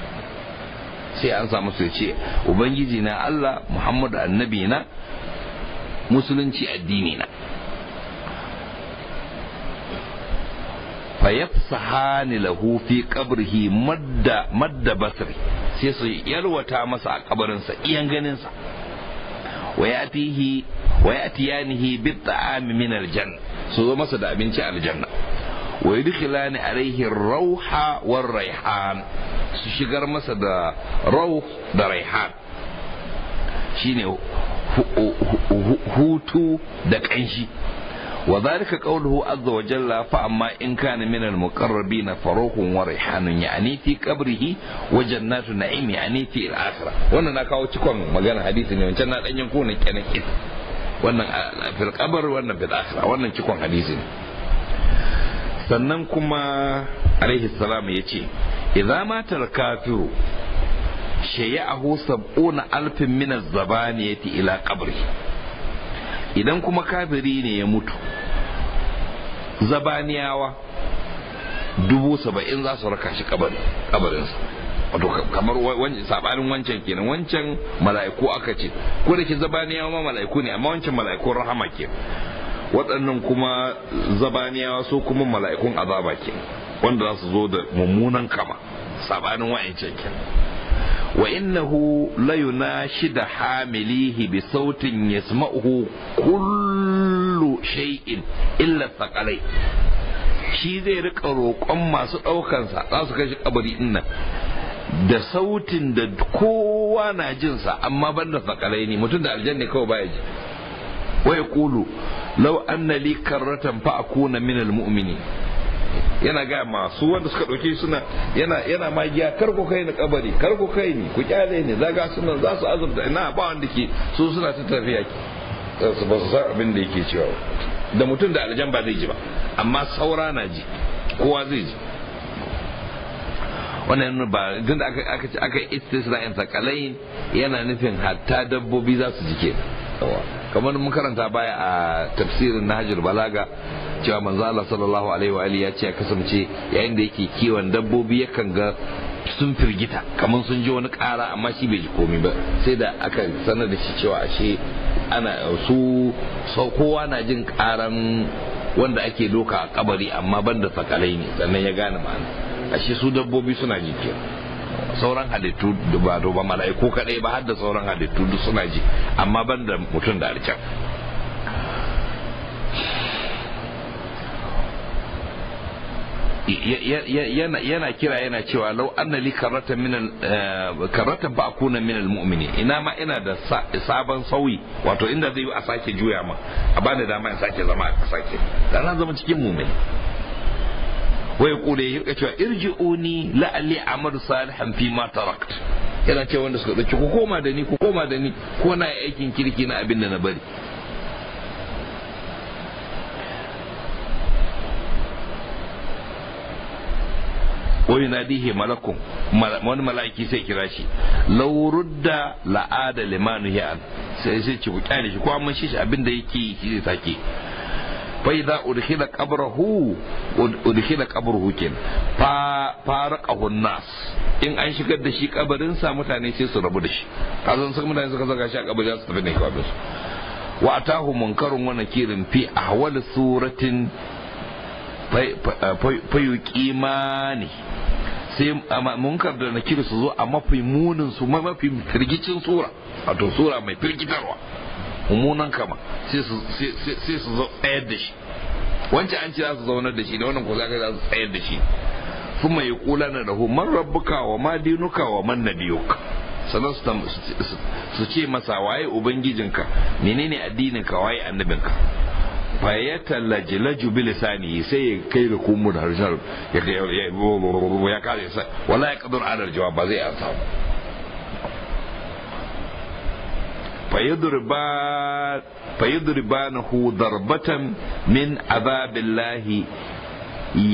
sai an samu su ce ubangiji na Allah muhammadu annabi na musulunci addini na fayafsahani lahu fi qabrihi madda madda basri sai su yarwata masa a kabarinsa iyan ganin sa. wayatihi wayatiyanihi bi min aljanna su zo masa da abinci aljanna wa yudkhilani alayhi ar war raihan su shigar masa da ruh da raihan shine hutu da kanshi wa zalika qawluhu azza wa jalla fa amma in kana min al muqarrabin faruhun wa rihanun yani fi qabrihi wa jannatu na'im yani fi al akhirah wannan na kawo cikon magana hadisi ne wancan na dan yanko ne kenan wannan fil qabr wannan fil akhirah wannan cikon hadisi ne sannan kuma alaihi salam ya ce idza mata al kafiru shaya'ahu sab'una alfin min az-zabaniyati ila qabrihi idan kuma kafiri ne ya mutu zabaniyawa dubu saba'in za su raka shi kabarinsa wato kamar sabanin wancan kenan wancan mala'iku aka ce ko da ke zabaniyawa ma mala'iku ne amma wancan mala'iku rahama ke waɗannan kuma zabaniyawa so kuma mala'ikun azaba ke wanda za su zo da mummunan kama sabanin wa'ancan kenan wa innahu la yunashida hamilihi bi sautin yasma'uhu kullu shay'in illa thaqalai shi zai rika roƙon masu ɗaukansa za su kashi kabari inna da sautin da kowa na jinsa amma banda sakalai ne mutum da aljanna kawai baya ji wai kulu law anna li karratan fa akuna minal mumini yana ga masu wanda suka ɗauke suna yana yana magiya kar ku kai ni kabari kar ku kai ni ku kyale ni zaga suna za su azurta ina ba wanda ke su suna ta tafiya ba su san abin da yake cewa da mutum da aljan ba zai ji ba amma saura na ji kowa zai ji wannan ba tun da aka ce aka istisna'in sakalai yana nufin hatta dabbobi za su jike kamar mun karanta baya a tafsirin nahjul balaga cewa manzo Allah sallallahu alaihi wa alihi ya ce ya kasance yayin da yake kiwon dabbobi yakan ga sun firgita kamar sun ji wani ƙara amma shi bai ji komai ba sai da aka sanar da shi cewa ashe ana su kowa na jin ƙaran wanda ake doka a kabari amma banda sakalai ne sannan ya gane ma'ana ashe su dabbobi suna ji sauran halittu ba ba mala'iku kadai ba har da sauran halittu duk suna ji amma banda mutum da alcan yana kira yana cewa lau anna li karrata min eh, karrata ba akuna min almu'mini ina ma ina da sabon sauyi wato inda zai yi a sake juya ma a bani dama in sake zama a sake dan na zama cikin mu'mini wa yaqulu ya cewa irji'uni la'alli amalu salihan fi ma tarakt yana cewa wanda suka dauki ku koma da ni ku koma da ni ko na aikin kirki na abin da na bari wa yunadihi malakun wani malaki sai kira shi law rudda la'ada limanu ya'an sai sai ci kyale shi ko amma shi shi abinda yake shi zai sake fa idza udkhila qabrahu udkhila qabruhu kin fa faraqahu nas in an shigar da shi kabarin sa mutane sai su rabu da shi kazan sai mutane suka zaga shi a kabarin su tafi ne kabarin wa atahu munkarun wa nakirin fi ahwal suratin fayuqimani sai munkar da nakir su zo a mafi munin su mafi firgicin sura wato sura mai firgitarwa mummunan kama sai su zo tsayar da shi wancan an ce za su zaunar da shi da wannan ko za za su tsayar da shi kuma yi kula na rahu man rabbuka wa ma dinuka wa man nabiyuka sannan su ce masa waye ubangijinka menene addininka waye annabinka fa ya bi lisani sai ya kai da kumu da harshen ya ya kare sa wala ya kadur adal jawab ba zai ansa fa yadriba darbatan min azabillahi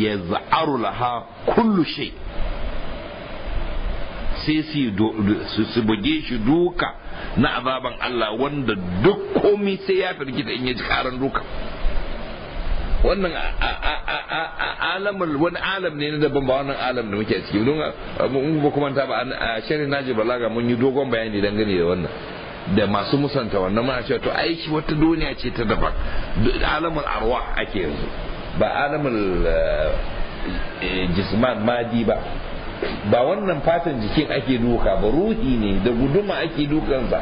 yaz'aru laha kullu shay sai su buge shi duka na azaban Allah wanda duk komi sai ya firgita in ya ji karan duka. wannan alamul wani alam ne na daban ba wannan alam da muke ciki don mun ba kuma ta ba a shirin naji balaga mun yi dogon bayani dangane da wannan da masu musanta wannan muna ce to aiki wata duniya ce ta daban alamul arwa ake yanzu ba alamul eh, jisman madi ba ba wannan fatan jikin ake duka ba ruhi ne da guduma ake dukansa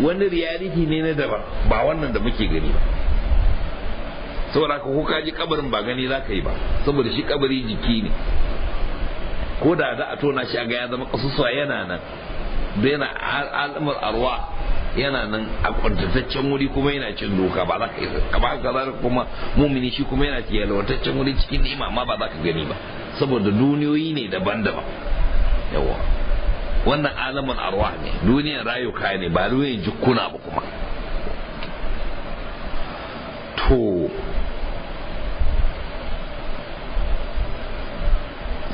wani riyariki ne na daban ba wannan da muke gani ba saboda ka kuka ji kabarin ba gani za ka yi ba saboda shi kabari jiki ne ko da za a tona shi a ga ya zama kasusuwa yana nan bai na al'amur arwa yana nan a kwantataccen wuri kuma yana cin doka ba za ka yi kamar haka za kuma mumini shi kuma yana cikin yalwataccen wuri cikin ni'ima ma ba za ka gani ba saboda duniyoyi ne daban-daban yawa wannan alamun arwa ne duniyar rayuka ne ba duniyar jikuna ba kuma to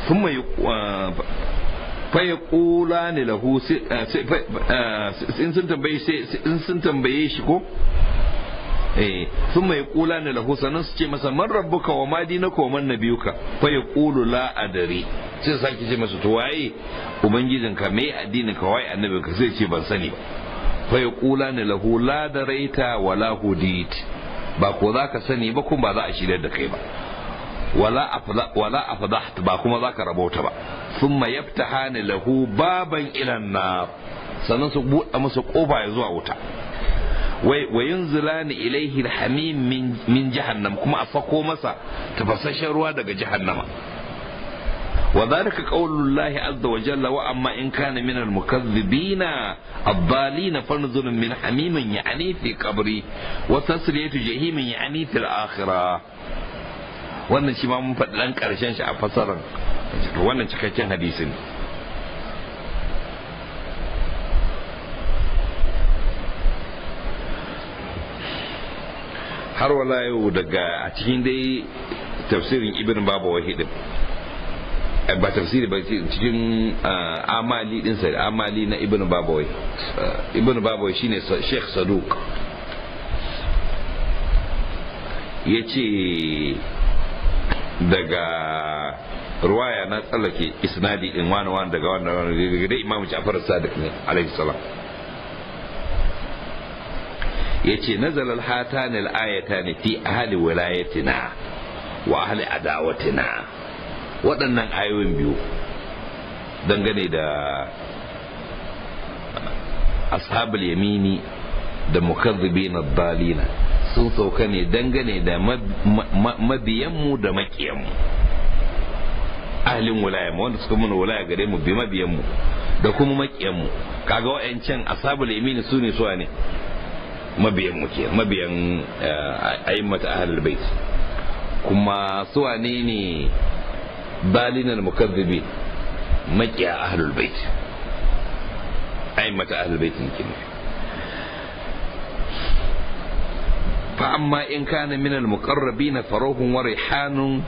sun mai fa kula ne lahu eh, eh, in sun tambaye shi in sun tambaye shi ko eh sun mai kula ne lahu sannan su ce masa man rabbuka wa madinaka wa man nabiyuka fa yaqulu la adari sai sake ce masa to waye ubangijin ka me addinin ka waye annabin ka? sai ce ban sani ba fa yaqula ne lahu la daraita wa la hudit ba ko za ka sani ba kuma ba za a shirya da kai ba wala afdaht ba kuma zaka rabauta ba thumma yaftahani lahu baban ila na sannan su buɗe masa ƙofa ya zuwa wuta wa yunzilani ilaihi alhamim min min jahannam kuma a fako masa tafasasshen ruwa daga jahannama وذلك قول الله عز وجل وأما إن كان من المكذبين الضالين فنزل من حميم يعني في قبري وتسرية جهيم يعني في الآخرة wannan shi ma mun faɗi ɗan ƙarshen shi a fasarar wannan cikakken hadisin har wala yau daga a cikin dai tafsirin ibn babu wahidin eh, ba tafsiri ba cikin eh, amali dinsa amali na ibn babawai eh, ibn babawai shine sheikh saduk ya ce daga ruwaya na tsallake isnadi in wani wani daga wani wani daga imamu ja'far sadiq ne alaihi salam yace nazala al-hatan al-ayatan fi ahli wilayatina wa ahli adawatina waɗannan ayoyin biyu dangane da ashabul yamini da mukazzibin dalina sun sauka ne dangane da mabiyanmu da makiyanmu ahlin wulaya wanda suka muna wulaya gare mu bi mabiyanmu da kuma makiyanmu kaga wa'ancan ashabul yamin su ne suwa ne mabiyan mu ke mabiyan eh, ayyamata ahlul bait kuma suwa ne ne balinal mukazzibi makiya ahlul bait ayyamata ahlul bait ne Fa amma in kanamina mu karrabi na farahun wari hanun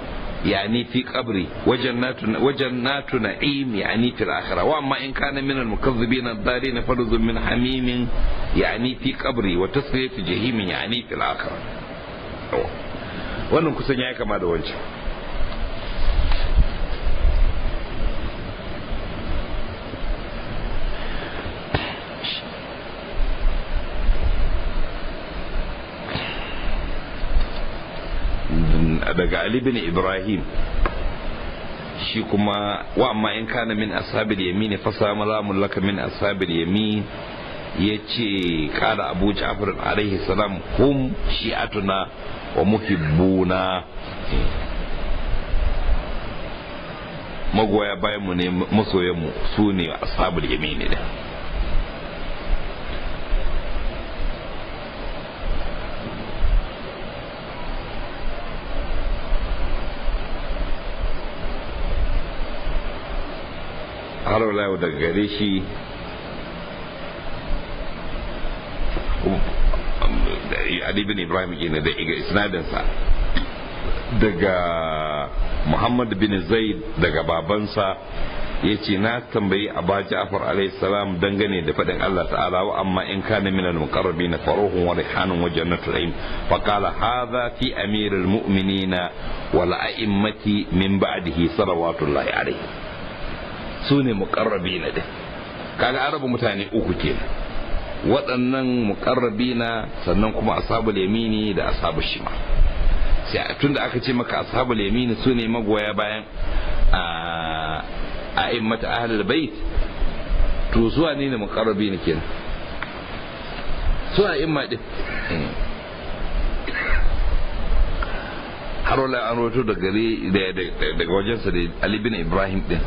ya ni fi kabri wajen na tunani ya ni fi la'akara. Fa amma in kanamina mu karza biyan daɗi na farzun mun hamimin ya ni fi kabri wata sun yi su jihimin ya Wannan kusan ya yi kama da wancan. daga ali bin ibrahim shi kuma wa amma in kana min ashabil yamin fa sama la laka min ashabil yamin yace kala abu ja'far alaihi salam hum shi'atuna wa muhibbuna magoya bayan mu ne masoyan mu su ne ashabul yamin ne. har yau daga gare shi bin ibrahim gina da iga isnadinsa daga muhammad bin zaid daga babansa ya ce na tambayi a ba ja'far salam dangane da faɗin allah ta'ala wa amma in kana na minan muqarrabi na faruhun wa rihanun wa jannatul ain fa qala hadha fi amiril mu'minina wal a'immati min ba'dihi salawatullahi alayhi su ne mukarrabi na ɗin kaga arabu mutane uku ke waɗannan mukarrabi na sannan kuma asabu lemini da asabu shima sai da aka ce maka asabu lemini su ne magoya bayan a a'immata ahalar bait to zuwa ne ne mukarrabi na kenan suna imma din har wala an roto daga wajensa da ali bin ibrahim din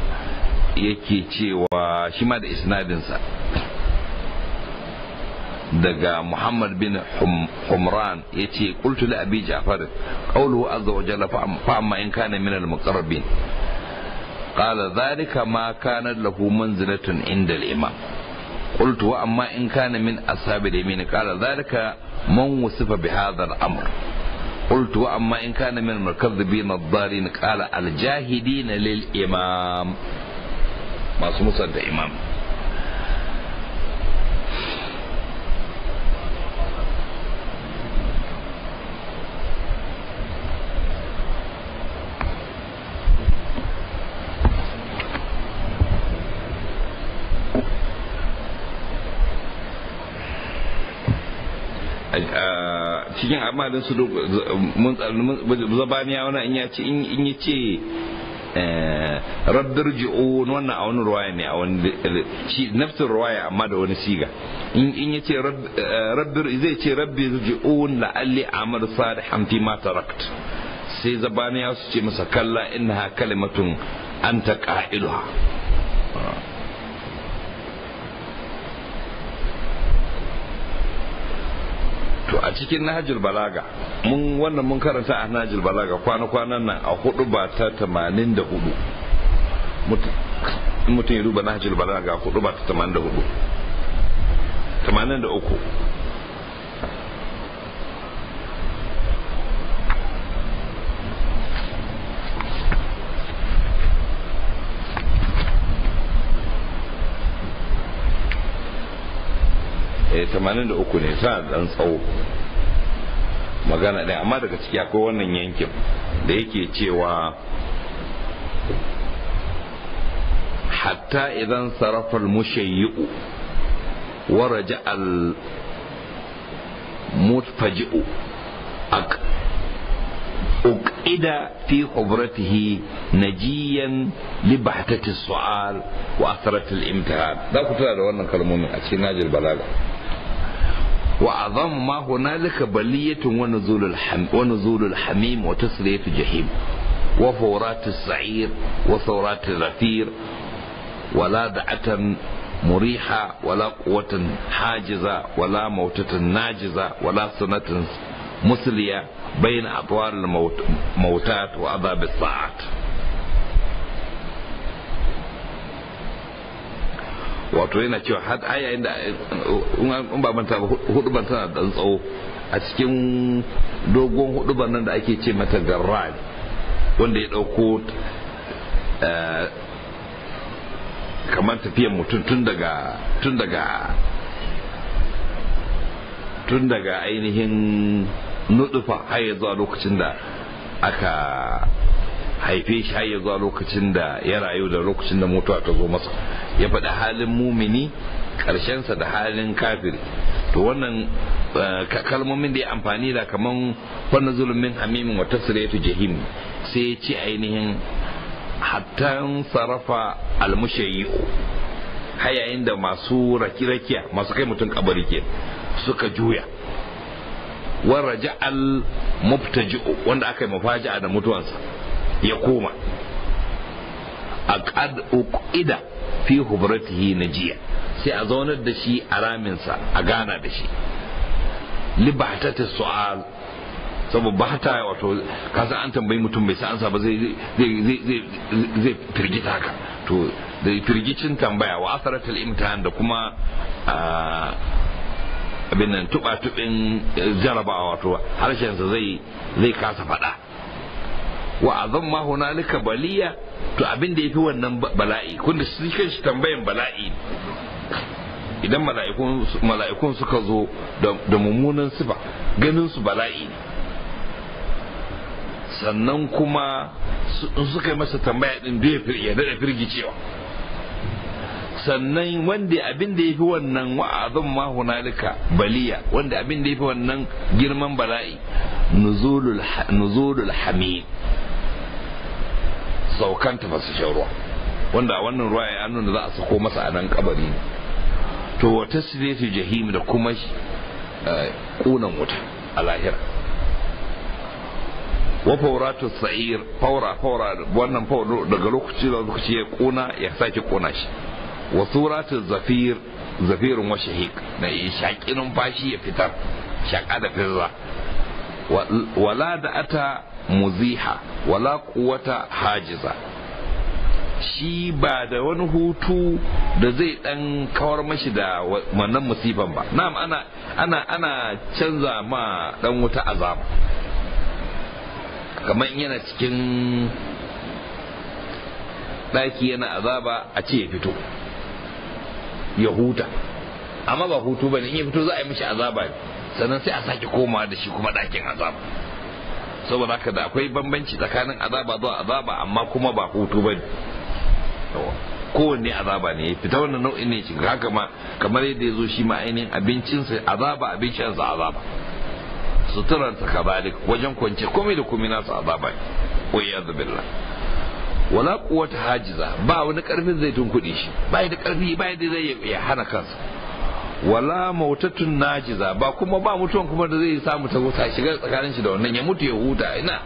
yake cewa shi ma da isnadinsa daga Muhammad bin Humran ya ce kultu da abi Ja'far qawluhu azza wa jalla fa in kana min al-muqarrabin qala zarika ma kana lahu manzilatun inda al-imam qultu wa amma in kana min ashabi da yamin qala dhalika man wasifa bi hadha al-amr قلت وأما إن كان من المكذبين الضالين قال الجاهدين للإمام masu musar da imam cikin amalin su duk zabaniya wani in ya Eh, rabbir ji'un wannan a wani ruwaya ne a wani nafsin ruwaya amma da wani siga in ya ce rabbir eh, zai ce rabbir ji'un la'alli amal salihan fi ma tarakt sai zabaniya su ce masa kalla innaha kalimatun anta qa'iluha to a cikin nahajul balaga mun wannan mun karanta a nahajul balaga kwana-kwanan nan a hudu ba ta tamanin da hudu mutum ya duba nahajul balaga a hudu ba ta tamanin da hudu tamanin da uku 83 eh, ne sa dan tsawo magana ɗaya amma daga ciki akwai wannan yankin da yake cewa hatta idan sarafar mushayyu wara ja'al mutfaji'u uqida fi khubratihi najiyan li bahtati su'al wa asrati al-imtihan da ku tura da wannan kalmomin a cikin najil balaga وأعظم ما هنالك بلية ونزول الحم ونزول الحميم وتصلية الجحيم وفورات السعير وثورات الغفير ولا دعة مريحة ولا قوة حاجزة ولا موتة ناجزة ولا سنة مسلية بين أطوار الموتات وأضاب الساعات wato yana cewa had aya inda in ba manta ba tana dan tsawo a cikin dogon huduban nan da ake ce mata garrad wanda ya dauko eh, kamar tafiyan mutum tun daga tun daga tun daga ainihin nudufa har ya zuwa lokacin da aka haife shi har ya zuwa lokacin da ya rayu da lokacin da mutuwa ta zo masa ya faɗi halin mumini ƙarshensa da halin kafiri to wannan eh, kalmomin da ya amfani da kamar wannan zulumin hamimin wata siratu jahim sai ya ce ainihin hattan sarrafa almushayi hayayin da masu rakirakiya masu kai mutum kabari ke suka juya warra ja'al mubtaji'u wanda aka yi mafaji'a da mutuwansa ya koma a ƙida fi hubratihi na jiya sai a zaunar da shi a raminsa a gana da shi libatata su'al saboda ba ta wato kasa an tambayi mutum bai sa ansa ba zai zai firgita ka to da firgicin tambaya wa asaratul imtihan da kuma abin nan tuba tubin jarabawa wato harshensa zai zai kasa faɗa wa azam ma hunalika baliya to abin da yafi wannan bala'i kun da shi kanshi tambayan bala'i idan mala'ikun suka zo da mummunan sifa ganin su bala'i sannan kuma suka yi masa tambaya din da ya da firgicewa sannan wanda abin da ya fi wannan wa'azin ma hunalika baliya wanda abin da ya fi wannan girman bala'i nuzulul hamid saukan tafasashen ruwa wanda wannan ruwa ya nuna za a sako masa a nan kabari to wata sirri jahim da kuma kunan eh, wuta a lahira wa fauratu sa'ir faura faura wannan faura daga lokaci da lokaci ya kuna ya sake kuna shi wa suratu zafir zafirin wa shahiq na shaƙi numfashi ya fitar shaƙa da fizza wala da ata muziha wala quwwata hajiza shi ba da wani hutu da zai dan kawar mashi da wannan musiban ba na'am ana ana ana canza ma dan wuta azaba kamar yana cikin daki yana azaba a ce ya fito ya huta amma ba hutu ba ne in ya fito za a yi mishi azaba ne sannan sai a sake koma da shi kuma dakin azaba saboda haka da akwai bambanci tsakanin azaba zuwa azaba amma kuma ba hutu ba kowanne azaba ne fita wannan nau'in ne cikin haka ma kamar yadda ya zo shi ma ainihin abincinsa azaba abincinsa azaba suturarsa kabalik wajen kwance komai da komai nasu azaba ne wayyazu billah wala quwwata hajiza ba wani karfin zai kuɗi shi ba da karfi ba da zai ya hana kansa wala mautatun najiza ba kuma ba mutuwan kuma da zai samu ta huta shiga tsakanin shi da wannan ya mutu ya huta ina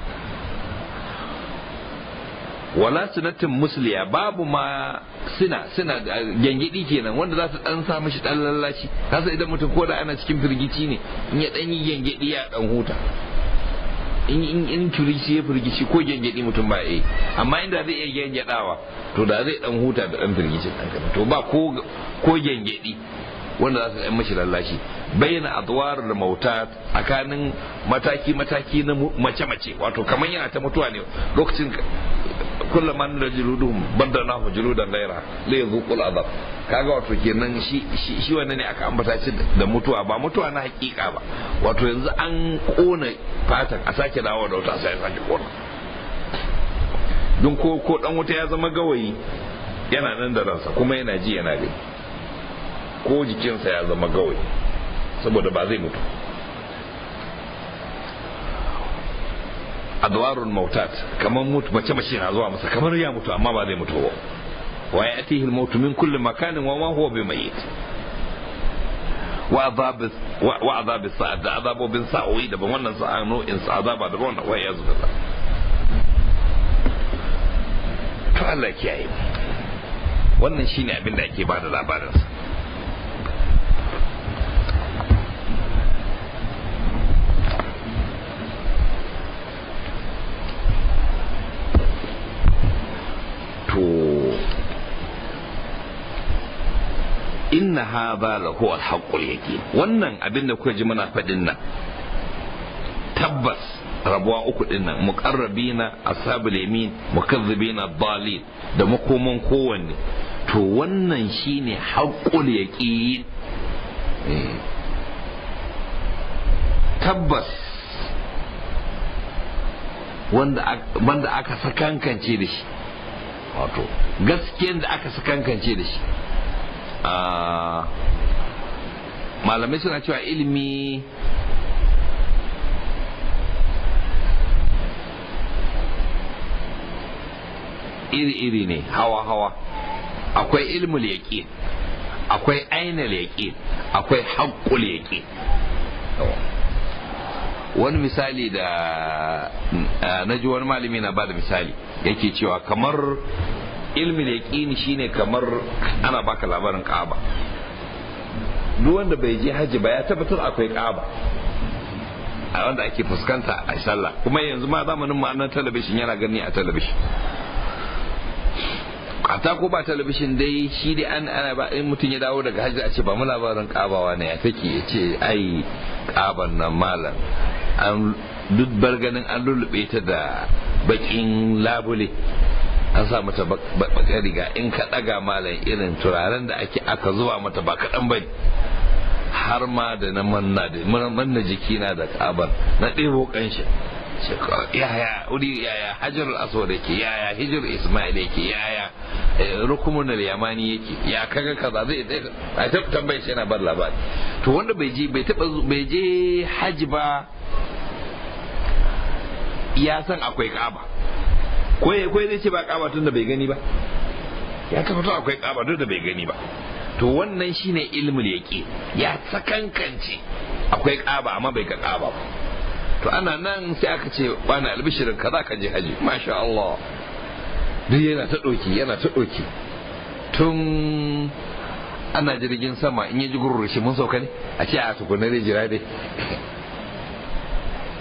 wala sinatin musliya babu ma sina sina gengidi kenan wanda za su dan sa mishi dan lallaci kasa idan mutum ko da ana cikin firgici ne in ya dan yi gengidi ya dan huta in in in firgici ya firgici ko gengidi mutum ba eh amma inda zai iya gengedawa to da zai dan huta da dan firgici dan to ba ko ko gengidi wanda za su yi mashi lallashi bayyana adwar da mauta tsakanin mataki mataki na mace mace wato kamar yana ta mutuwa ne lokacin kullum man da juluduhum banda na juludan gaira la yazuqul adab kaga wato kenan shi shi, shi wannan ne aka ambata shi da mutuwa ba mutuwa na hakika ba wato yanzu an kona fatan a sake dawo da wata sai sake kona don ko ko dan wuta ya zama gawayi yana nan da ransa kuma yana ji yana gani ko jikinsa ya zama gawai saboda ba zai mutu adwarun mautat kamar mutu mace mace na zuwa masa kamar ya mutu amma ba zai mutu ba wa ya'tihi al mautu min kulli makanin wa ma huwa mayyit wa azab wa azab sa'ad azabu bin sa'o'i da ban wannan sa'ano in azaba da wannan wa yazu da to Allah kiyaye wannan shine abin da ake bada labarin inna hadha la huwa al-haqqul yaqin wannan abin da kuka ji muna fadin nan tabbas rabuwa uku din nan muqarrabina ashabul yamin mukazzibina dalil da makoman kowanne to wannan shine haqqul yaqin eh. tabbas wanda aka sakankance da shi wato gaskiyar da aka sakankance da shi malamai suna cewa ilimi iri-iri ne hawa-hawa akwai ilmul yaƙi akwai ainul yaƙi akwai haƙƙul yaƙi wani misali da eh, na ji wani malami na ba da misali yake cewa kamar ilmi da yaqini shine kamar ana baka labarin ka'aba duk wanda bai je Hajji ba ya tabbatar akwai ka'aba a wanda ake fuskanta a sallah kuma yanzu ma zamanin mu annan talabishin yana gani a talabishin ta ko ba talabishin dai shi dai an ana ba in mutum ya dawo daga hajji a ce ba mu labarin kabawa ne ya take ya ce ai kaban nan malam an duk barganin an lullube ta da bakin labule an sa mata baka riga in ka daga malam irin turaren da ake aka zuwa mata ba kaɗan ba har ma da na manna da manna jiki na da kabar na ɗebo kanshi yaya uri yaya hajar aswad yake yaya hijir isma'il yake yaya eh, rukumun al-yamani yake ya kaga kaza zai a ta tambaye shi yana bar labari to wanda bai je bai taba bai je ba ya san akwai kaba ko zai ce ba kaba tun da bai gani ba ya tabbatar akwai kaba tun da bai gani ba to wannan shine ilmul yaqi ya sakankance akwai kaba amma bai ga kaba ba to ana nan sai aka ce wani albishirin ka za ka je haji masha Allah duk yana ta ɗoki yana ta ɗoki tun ana jirgin sama in ya ji shi mun sauka ne a ce a tukuna ne jira dai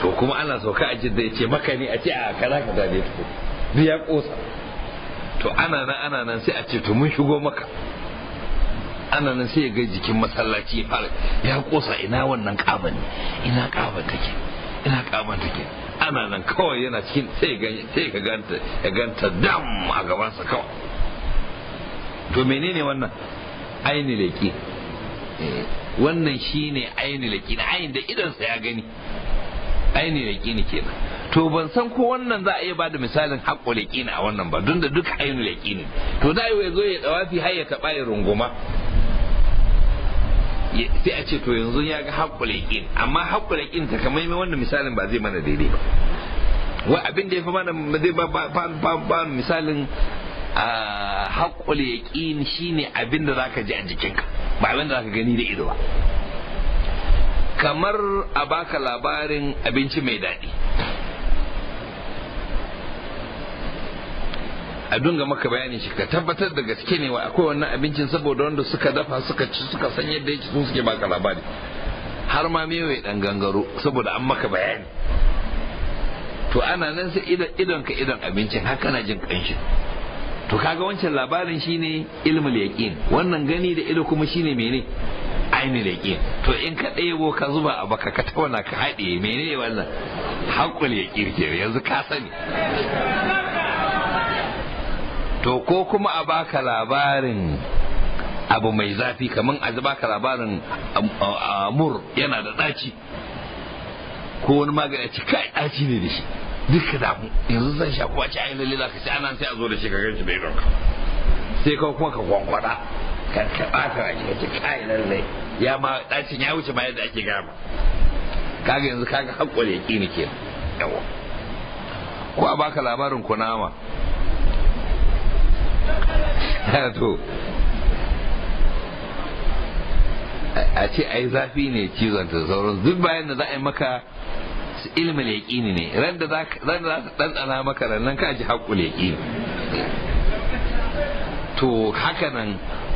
to kuma ana sauka a jidda ya ce maka ne a ce a kaza ka dai tukuna duk ya kosa to ana nan ana nan sai a ce to mun shigo maka ana nan sai ya ga jikin masallaci ya fara ya kosa ina wannan kaban ina kaban take ina kaban take ana nan kawai yana cikin sai ga sai ka ganta ya ganta dam a gabansa kawai to menene wannan aini leki eh, wannan shine aini leki na aini da idan sa ya gani aini leki ne kenan to ban san ko wannan za a iya bada misalin haƙo yaƙini a wannan ba don da duk ainihin yaƙini to da ya zo ya tsawafi har ya taɓa ya runguma sai a ce to yanzu ya ga haƙo yaƙini amma haƙƙo yaƙini takamaimai wannan misalin ba zai mana daidai ba wai abin da ya fi mana zai ba misalin haƙƙo yaƙini shine abin da zaka ji a jikinka ba abin da zaka gani da ido ba kamar a baka labarin abinci mai daɗi a dunga maka bayani shi ka tabbatar da gaske ne wa akwai wannan abincin saboda wanda suka dafa suka ci suka san yadda yake sun suke baka labari har ma mewe dan gangaro saboda an maka bayani to ana nan sai idan idan ka idan abincin haka na jin kanshi to kaga wancan labarin shine ilmul yaqin wannan gani da ido kuma shine mene ainihin yaƙin to in ka ɗebo ka zuba a baka ka tauna ka haɗe menene wannan haƙul yaƙin ke yanzu ka sani to ko kuma a baka labarin abu mai zafi kamar a baka labarin amur um, uh, uh, yana da ɗaci ko wani magana a ci kai daci ne da shi duka mu yanzu zan sha kuma ci ainihin lalila ka sai anan sai a zo da shi ka ganci da idonka sai ka kuma ka kwankwada ka taɓa ka a ka ci kai lallai ya ma ɗacin ya wuce ma yadda ake gama kaga yanzu kaga hankali ya yaƙini ke yawa ko a baka labarin kunama to a ce ai zafi ne cizon ta sauran duk bayan da za a yi maka ilmi yaƙini ne ran da za ka ɗanɗana maka rannan ka ji haƙul yaƙini to haka nan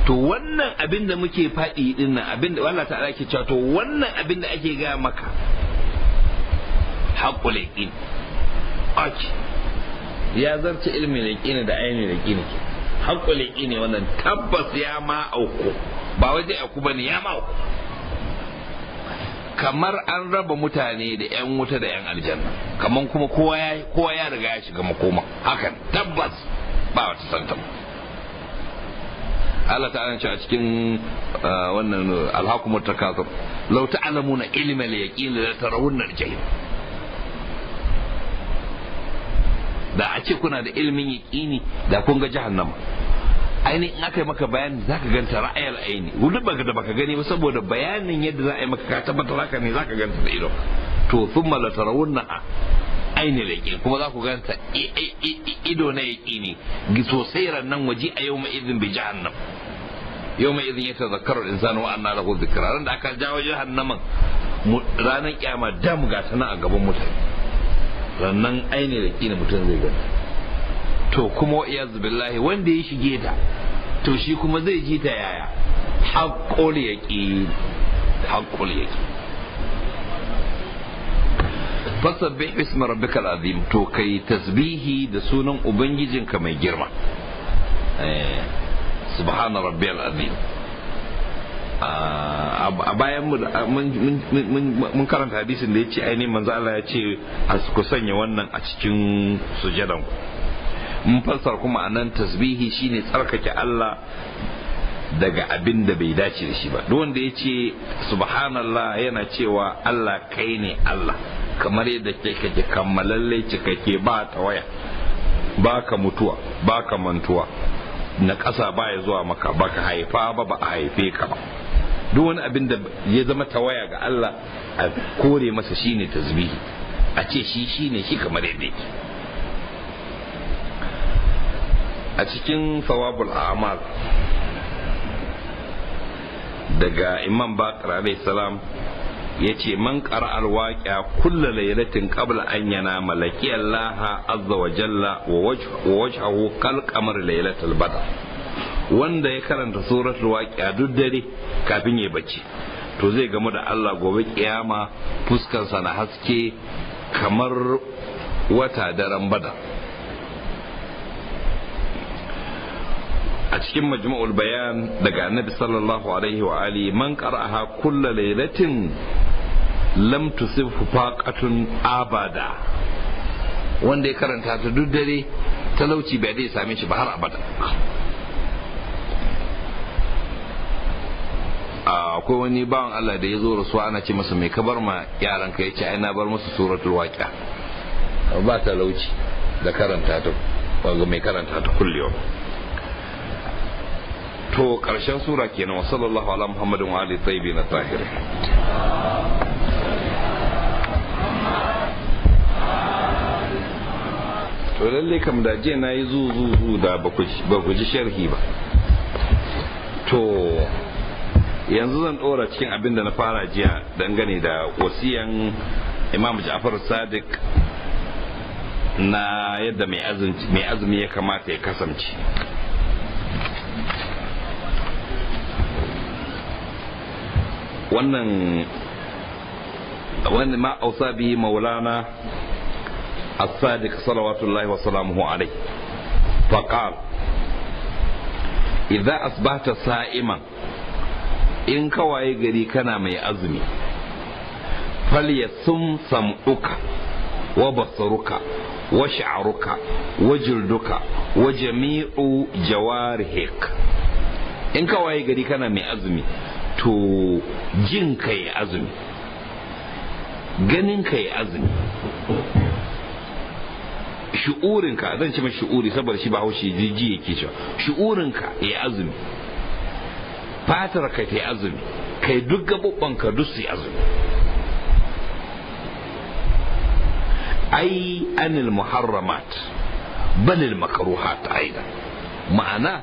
to wannan abin da muke faɗi din nan abin da Allah ta'ala ke cewa to wannan abin da ake ga maka haƙul yaƙini ok ya zarce ilmi yaƙini da ainihin yaƙini ke haƙƙul ne wannan tabbas ya ma auku ba waje aku bane ya ma auku kamar an raba mutane da 'yan wuta da 'yan aljanna kamar kuma kowa ya riga ya shiga makoma hakan tabbas ba wata santa Allah ta'ala ce a cikin wannan alhakumar takasur law ta'lamuna ilmal yaqin la tarawunna al-jahim da a ce kuna da ilimin yaƙini da kun ga jahannama ainihin in aka yi maka bayani za ka ganta ra'ayar aini wani baka da baka gani ba saboda bayanin yadda za a yi maka ka tabbatar haka ne za ka ganta da ido to sun malata rawunna a aini da kuma za ku ganta ido na yaƙini sosai rannan waje a yau mai izin bi jahannam yau mai izin ya ta zakarar insanu wa anna lahu zikra ran da aka jawo jahannaman ranar kyama dam ga nan a gaban mutane rannan aini da kina mutum zai gani to kuma wa iyazu billahi wanda ya shige ta to shi kuma zai ji ta yaya haqqul yaqin haqqul yaqin fasabbih bismi rabbikal azim to kai tasbihi da sunan ubangijinka mai girma eh, subhana rabbiyal azim a bayan mun karanta hadisin da ya ce ainihin manzo Allah ya ce ku sanya wannan a cikin sujadan mun fassara kuma anan tasbihi shine tsarkake Allah daga abin da bai dace da shi ba duk wanda ya ce subhanallah yana cewa Allah kai ne Allah kamar yadda kake kammalalle cikakke ba ta waya baka mutuwa baka mantuwa na ƙasa ba ya zuwa maka baka haifa ba ba a haife ka ba duk wani abin da ya zama tawaya ga Allah a kore masa shine tasbihi a ce shi shine shi kamar yadda yake a cikin sawabul a'mal daga imam baqir alayhi salam yace man ƙara alwaƙiya kulla lailatin qabla an yana malaki Allah azza wa jalla wa kal qamar laylatul badr wanda ya karanta suratul waqi'a duk dare kafin ya bacci to zai gamu da Allah gobe kiyama fuskarsa na haske kamar wata daren bada a cikin majmu'ul bayan daga annabi sallallahu alaihi wa alihi man qara'aha kulla laylatin lam tusibhu faqatun abada wanda ya karanta ta duk dare talauci bai dai same shi ba har abada akwai wani bawan Allah da ya zo rasuwa ana ce masa mai kabar ma yaran ka yace ai na bar musu suratul waqi'a ba ta lauci da karanta ta wanga mai karanta ta kullum to karshen sura kenan wa sallallahu ala muhammadin wa ali tayyibin tahirin to lalle kam da je na yi zuzu da ba ku ji sharhi ba to yanzu zan ɗora cikin abin da na fara jiya dangane da wasiyan imam ja'far sadiq na yadda mai azumi ya kamata ya kasance wannan wani ma ausa bihi maulana as-sadiq salawatullahi wa salamuhu alayhi faqal idza asbahta sa'iman in kawaye gari kana mai azumi falyasum sam'uka wa basaruka wa sha'aruka wa jirduka wa jami'u jawarihik in kawaye gari kana mai azumi to jin ka azumi ganin ka azumi shi'urinka zan ce mai shi'uri saboda shi ba ji jiji yake cewa shi'urinka ya azumi fatar ka ta azumi kai duk gabubban ka duk su azumi ai anil muharramat balil makaruhat aida ma'ana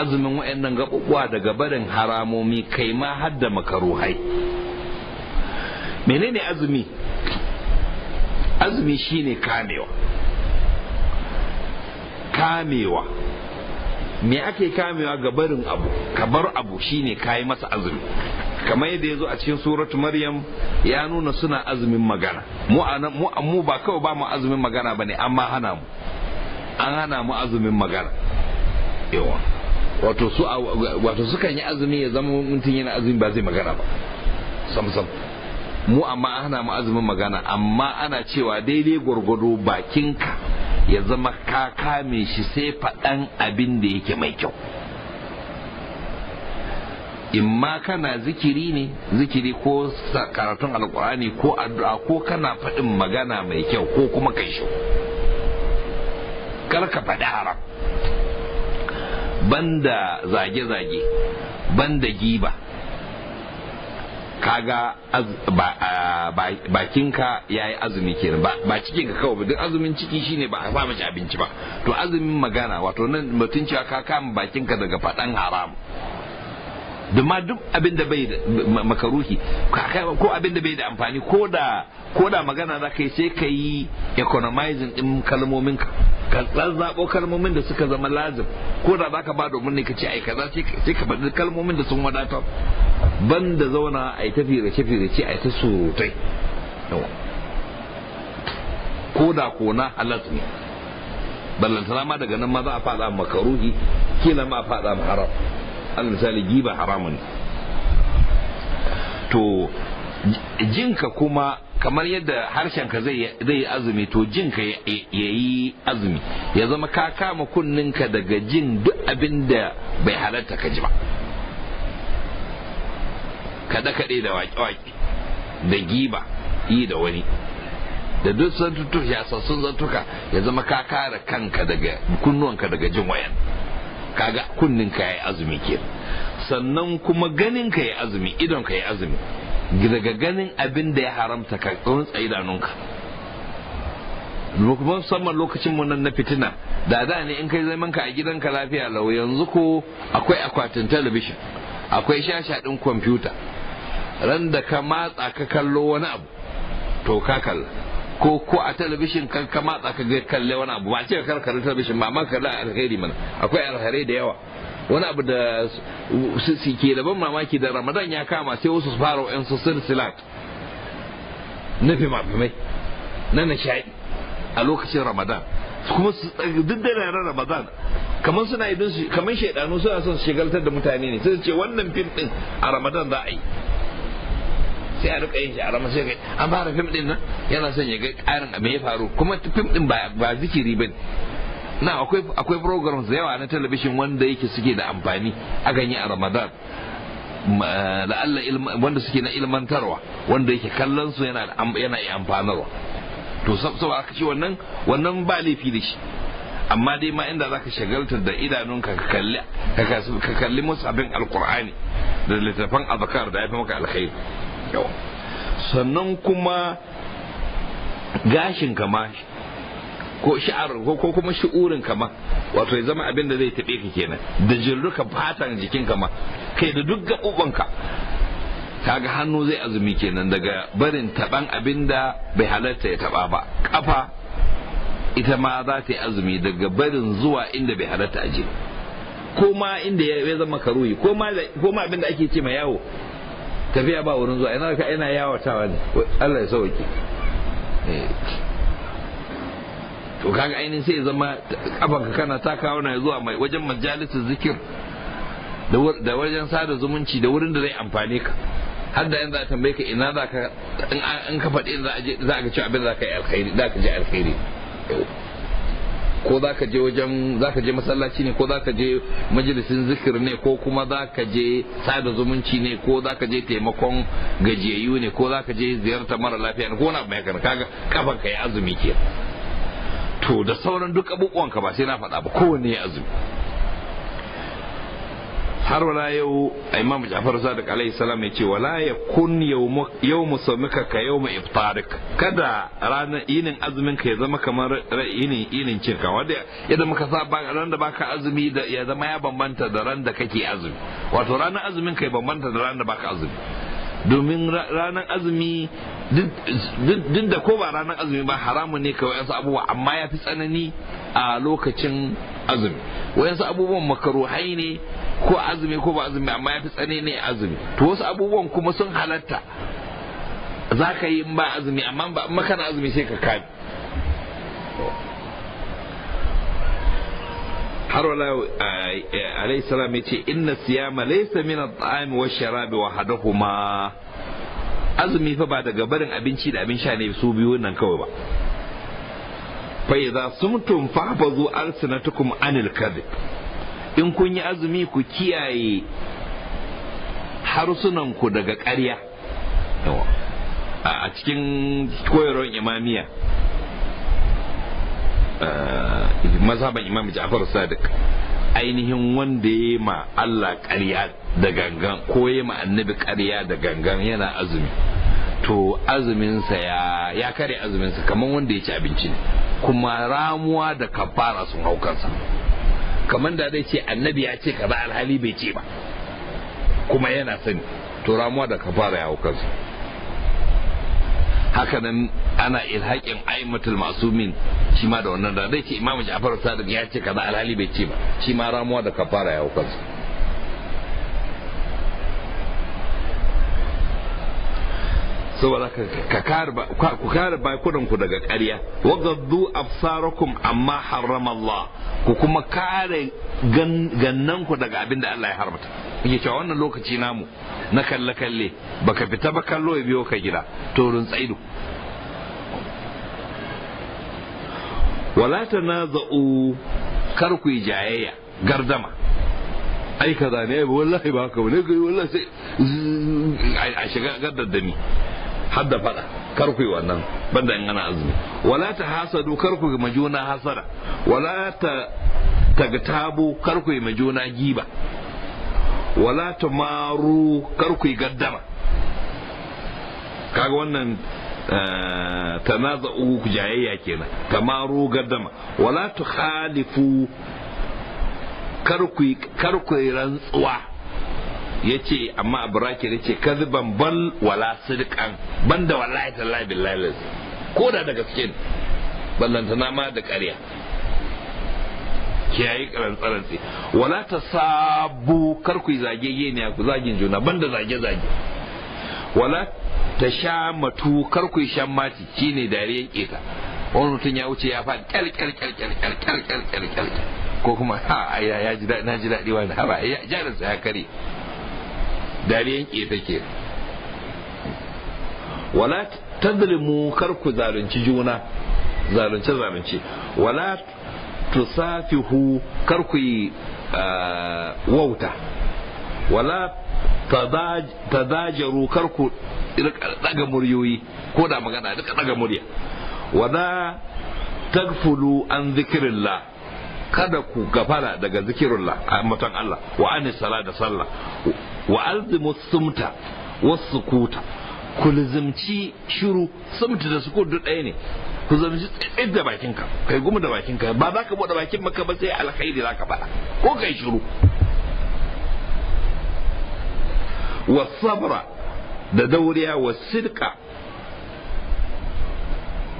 azumin waɗannan gabubuwa daga barin haramomi kai ma hadda makaruhai menene azumi azumi shine kamewa kamewa me ake kamewa ga barin abu ka bar abu shine kayi masa azumi kamar yadda ya zo a cikin suratu maryam ya nuna suna azumin magana mu ba kawai ba mu azumin magana bane amma hana mu an hana mu azumin magana yawa wato su wato sukan yi azumi ya zama mutun yana azumi ba zai magana ba sam sam mu amma ana hana mu azumin magana amma ana cewa daidai gurgudu bakinka ya zama ka kame shi sai faɗan abin da yake mai kyau in ma kana zikiri ne zikiri ko karatun alkur'ani ko addu'a ko kana faɗin magana mai kyau ko kuma kai shi kar ka faɗi haram banda zage-zage banda giba kaga bakinka ya yi azumi kenan ba cikin ka kawai duk azumin ciki shine ba a sa abinci ba to azumin magana wato nan mutum cewa ka kama bakinka daga faɗan haram duma duk abin da bai makaruhi ko abin da bai da amfani ko da ko da magana za ka yi sai ka yi economizing din kalmomin ka ka zazzabo kalmomin da suka zama lazim ko da za ka ba domin ne ka ce ai kaza sai ka faɗi kalmomin da sun wadatar Banda zauna a yi ta da firace a yi ta surutai ko da ko na halas ne ballantana ma daga nan ma za a faɗa makaruhi kila ma faɗa ma haram An misali giba haramun to jinka kuma kamar yadda harshenka zai yi azumi to jinka ya yi azumi ya zama ka kama kunninka daga jin duk abin da bai halatta ka ji ba kada kade da waƙe-waƙe da giba yi da wani da duk tutu ya sassun zantuka ya zama ka kare kanka daga kunnuwanka daga jin wayan kaga kunninka ya yayi azumi ke sannan kuma ganinka ya azumi idonka ya azumi daga ganin abin da ya haramta ka tsuntsa idanunka kuma musamman lokacin mu nan na fitina da da ne in kai zaman ka a gidanka lafiya lau yanzu ko akwai akwatin talabishin akwai shashadin kwamfuta ran da ka matsa ka kallo wani abu to ka kalla ko ko a talabishin kan ka matsa ka kalle wani abu ba ce ka kalli talabishin ba amma kalla alheri mana akwai alherai da yawa wani abu da su ke da ban mamaki da ramadan ya kama sai wasu su fara wa'yan su silsilat na mai na nishaɗi a lokacin ramadan kuma duk da yaran ramadan kamar suna idan kamar shaidanu suna son shigaltar da mutane ne sai ce wannan fim din a ramadan za a yi sai a rika yin shi a ramadan sai an fara fim din nan yana son ya ga karin abin ya faru kuma fim din ba zikiri ba na akwai akwai programs da yawa na talabishin wanda yake suke da amfani a ganye a ramadan la'alla wanda suke na ilmantarwa wanda yake kallon su yana yana amfanarwa to saboda aka ce wannan wannan ba laifi da shi amma dai ma inda zaka shagaltar da idanunka ka kalli ka kalli musabin alqur'ani da littafan azkar da ya fi maka alkhairi sannan kuma gashin kama ko sha'ar ko kuma shi'urin kama wato ya zama abin da zai taɓe ka kenan da jirruka fatan jikin kama kai da duk gaɓuɓanka kaga hannu zai azumi kenan daga barin taban abin da bai halatta ya taba ba kafa ita ma za ta yi azumi daga barin zuwa inda bai halatta aje ko ma inda ya zama karuyi ko ma abin da ake ce ma yawo tafiya ba wurin zuwa yana ka ina yawatawa ne Allah ya sauke eh. to kaga ainihin sai ya zama kafanka kana takawa na zuwa mai wajen majalisar zikir da wajen sada zumunci da wurin da zai amfane ka har da in za a tambaye ka ina za ka in ka faɗi za a ci abin za ka yi alkhairi za ka je alkhairi ko za ka je wajen za ka je masallaci ne ko za ka je majalisin zikir ne ko kuma za ka je sada zumunci ne ko za ka je taimakon gajiyayyu ne ko za ka je ziyarta mara lafiya ne ko wani abu mai kana kaga kafan ka ya azumi ke to da sauran duk abubuwan ka ba sai na faɗa ba kowanne ya azumi har wala yau imam ja'far sadiq alaihi salam ya ce wala yakun yau musamika ka yau mu iftarik kada ranar inin azumin ka ya zama kamar yinin inin cin ka wanda yadda muka sa ran da baka azumi da ya zama ya bambanta da ran da kake azumi wato ranar azumin ka ya bambanta da ran da baka azumi domin ranar azumi duk da ko ba ranar azumi ba haramun ne kawai wasu abubuwa amma ya fi tsanani a lokacin azumi wayansu abubuwan makaruhai ne ko azumi ko ba azumi amma ya fi tsane ne azumi to wasu abubuwan kuma sun halatta za ka yi ba azumi amma ba makana azumi sai ka kabi. har wala eh, eh, alayhi salam ce inna siyama laysa min at-ta'ami wa sharabi wahadahuma azumi fa ba daga barin abinci da abin sha ne su biyu nan kawai ba fa idza sumtum fahfazu alsinatukum anil kadhib in kun yi azumi ku kiyaye harsunan ku daga ƙarya a cikin koyarwar imamiya eh, mazhaban imam Ja'far Sadiq ainihin wanda ya ma Allah ƙarya da gangan ko ya ma annabi ƙarya da gangan yana azumi to azuminsa ya ya kare azuminsa kamar wanda ya ci abinci ne kuma ramuwa da kafara sun hau kansa kamar da zai ce annabi ya ce kaza alhali bai ce ba kuma yana sani to ramuwa da kafara ya hau kansa hakanan ana ilhaƙin aimatul masumin shi ma da wannan da zai ce imamu ja'far sadiq ya ce kaza alhali bai ce ba shi ma ramuwa da kafara ya hau kansa saboda ka kare bakunanku daga ƙarya wagaddu absarakum amma harrama Allah ku kuma kare gannanku daga abin da Allah ya haramta yake cewa wannan lokaci namu na kalle kalle baka fita ba kallo ya biyo ka gida to run tsaido wala tanaza'u kar ku jayayya gardama ai kaza ne wallahi ba haka ne wallahi sai a shiga gardar da ni hadda fada kar ku yi wannan banda in ana azumi wala ta hasadu kar ku yi majuna hasara wala ta tagtabu kar ku yi majuna giba wala ta maru kar ku yi gaddama kaga wannan eh, tanaza'u ku jayayya kenan tamaru gaddama wala ta khalifu kar ku yi rantsuwa ya ce amma abrakir yace kadhiban bal wala sidqan banda wallahi tallahi billahi ko da da gaske ballantana ma da ƙarya ki kiyaye karantsaransi wala ta sabu kar ku zage yene ku zagin juna ban da zage zage wala ta sha matu kar ku shan mati shine dariyan keta wani mutum ya wuce ya faɗi kyal kyal kyal kyal kyal kyal kyal kyal ko kuma ha ya ji daɗi na ji daɗi wani haba ya jarinsa ya kare dariyan ke ke wala tadlimu kar ku zalunci juna zalunce zalunce wala tusafihu kar ku yi ah, wauta wala tadajaru kar ku daga muryoyi ko da magana duka daga murya wala tagfulu an zikirillah kada ku gafara daga zikirullah a matan Allah wa anis sala da sallah wa alzimu sumta wasu kuta ku lizimci shiru sumta da sukut duk ɗaya ne ku zamci tsitsir da bakinka kai gumi da bakinka ba za ka buɗe bakin maka ba sai alkhairi za ka faɗa ko kai shiru wa sabra da dauriya wa sidka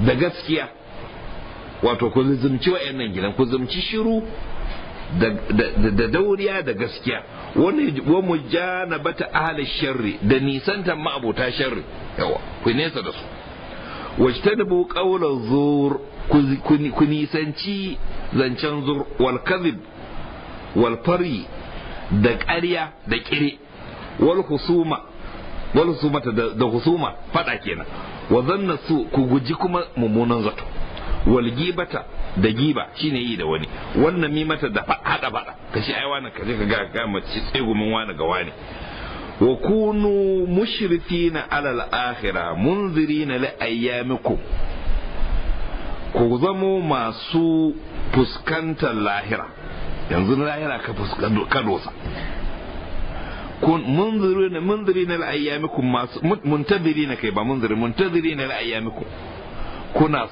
da gaskiya wato ku zumci wa'annan gidan ku zamci shiru da dauriya da gaskiya wa ta ahli sharri da ma ma'abota sharri yawa ku nesa da su wajtanibu qawla zur ku nisanci zancen zur wal kadhib wal fari da ƙarya da kire wal husuma wal husuma da husuma fada kenan wa zanna su ku guji kuma mummunan zato wal gibata da giba shine yi da wani wannan mi mata da hada bada kashi ai wani ka ka ga ga mace gumin wani ga wani wa kunu mushrifina alal akhirah munzirina li ayyamikum ku zamo masu fuskantar lahira yanzu lahira ka fuskanto ka dosa kun munzirina munzirina li ayyamikum masu muntadirina kai ba munziri muntadirina li ayyamikum kuna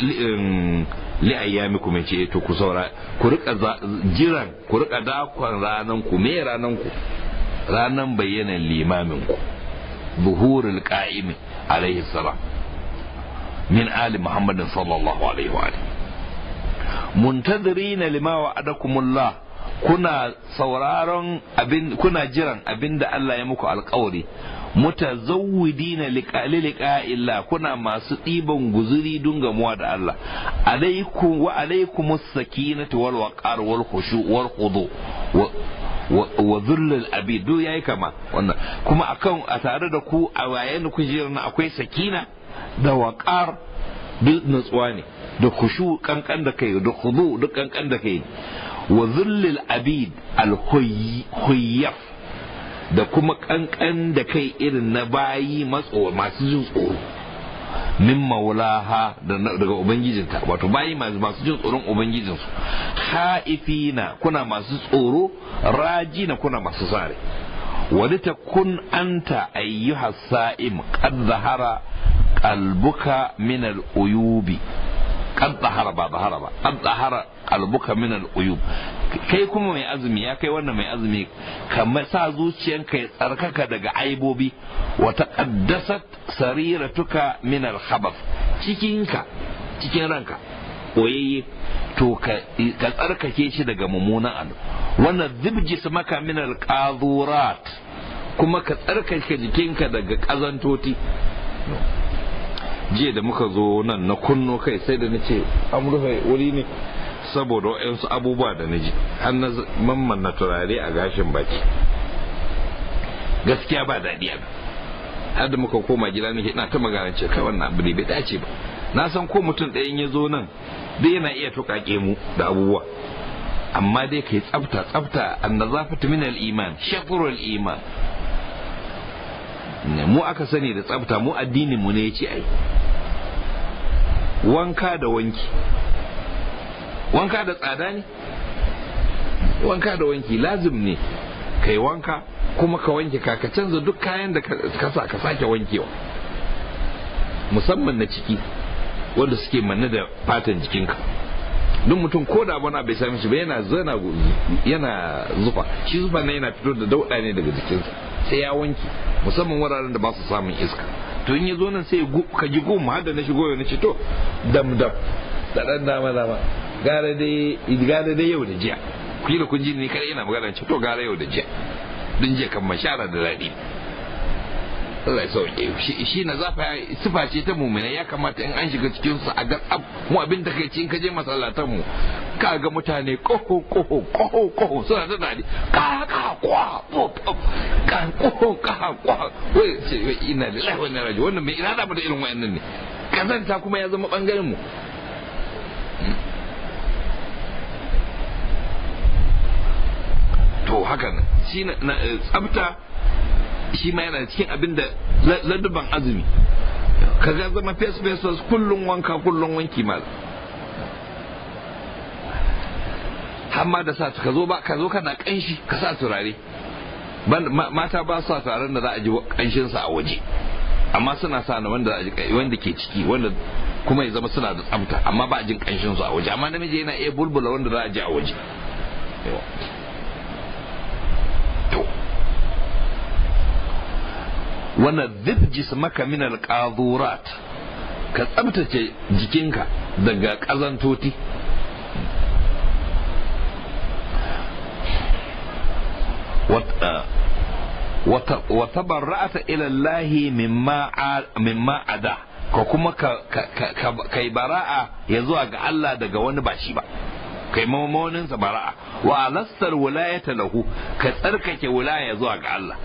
li um, ayyami ku mai ce to ku saura ku rika jiran ku rika dakon ranan ku me ranan ku ranan bayyanan limamin ku zuhurul qa'imi alaihi salam min ali muhammadin sallallahu alaihi wa alihi muntazirina lima wa adakumullah kuna sauraron abin kuna jiran abinda Allah ya muku alƙawari mutazawwidina illa kuna masu ɗiban guzuri Dunga gamuwa da Allah alaikum wa alaikumus sakinatu wal waqar wal khushu wal khudu wa zullul abid do yayi kama wannan kuma akan a tare da ku a waye ku na akwai sakina da waqar duk natsuwa ne da khushu kankan da kai da khudu duk kankan da kai wa al abid al khuyyaf da kuma kankan da kai irin na bayi masu jin tsoro min maulaha daga ubangijinta wato bayi masu jin tsoron ubangijinsu ha'ifina kuna masu tsoro rajina kuna masu sare wani ta kun anta ayyuhar sa'im kan zahara qalbuka min al'uyubi kan tsahara ba tsahara ba kan tsahara albuka min al'uyub kai kuma mai azumi ya kai wannan mai azumi ka sa zuciyanka ya tsarkaka daga aibobi wa taqaddasat sariratuka min al-khabath cikinka cikin ranka koyayye to ka tsarkake shi daga mummunan abu wannan zibjis maka min al-qadurat kuma ka tsarkake jikinka daga kazantoti jiya da muka zo nan na kunno kai sai da na ce an rufe wuri ne saboda wayansu abubuwa da na ji har na mamman na turare a gashin baki gaskiya ba daɗi abin har da muka koma gida nake ina ta magana ce kai wannan abu ne bai dace ba na san ko mutum ɗayan ya zo nan duk yana iya tukake mu da abubuwa amma dai kai tsafta tsafta annazafatu min al-iman shatrul iman mu aka sani da tsafta mu addinin mu ne yace ai wanka da wanki wanka da tsada ne wanka da wanki lazim ne kai wanka kuma ka wanke ka ka canza duk kayan da ka sa ka sake wankewa musamman na ciki wanda suke manne da fatan jikinka duk mutum ko da wani bai sami shi ba yana zana yana zufa shi zufa na yana fito da dauɗa ne daga jikinsa sai ya wanke musamman wuraren da ba su samun iska to in ya zo nan sai ka ji gum har da na shigo yau na ce to dam dam da dan dama dama gara dai gara dai yau da jiya kila kun ji ne kada ina magana ce to gara yau da jiya din je kan mashara da daɗi Allah ya sauke shi na zafa sifa ce ta mumina ya kamata in an shiga cikin su a ga mu abin da kai cin ka je masallatan mu ka ga mutane koho koho koho koho suna ta dadi ka ka kwa ka koho ka kwa wai ce ina da lahi wannan raji wannan mai ina da mu da irin wayannan ne kazanta kuma ya zama bangaren mu to haka shi na tsabta shi ma yana cikin abin da ladduban azumi ka ga zama face face kullum wanka kullum wanki ma hamma da sa ka zo ba ka zo kana kanshi ka sa turare mata ba sa turaren da za a ji kanshin sa a waje amma suna sa na wanda wanda ke ciki wanda kuma ya zama suna da tsafta amma ba a jin kanshin su a waje amma namiji yana iya bulbula wanda za a ji a waje wannan zirjis maka min alqadurat ka tsabtace jikinka daga wa eh, wata ila ilallahi mimma ada ka kuma kai bara'a ya zuwa ga Allah daga wani ba shi ba kai mamaninsa bara'a wa alastar wulayata lahu ka tsarkake wulaya zuwa ga Allah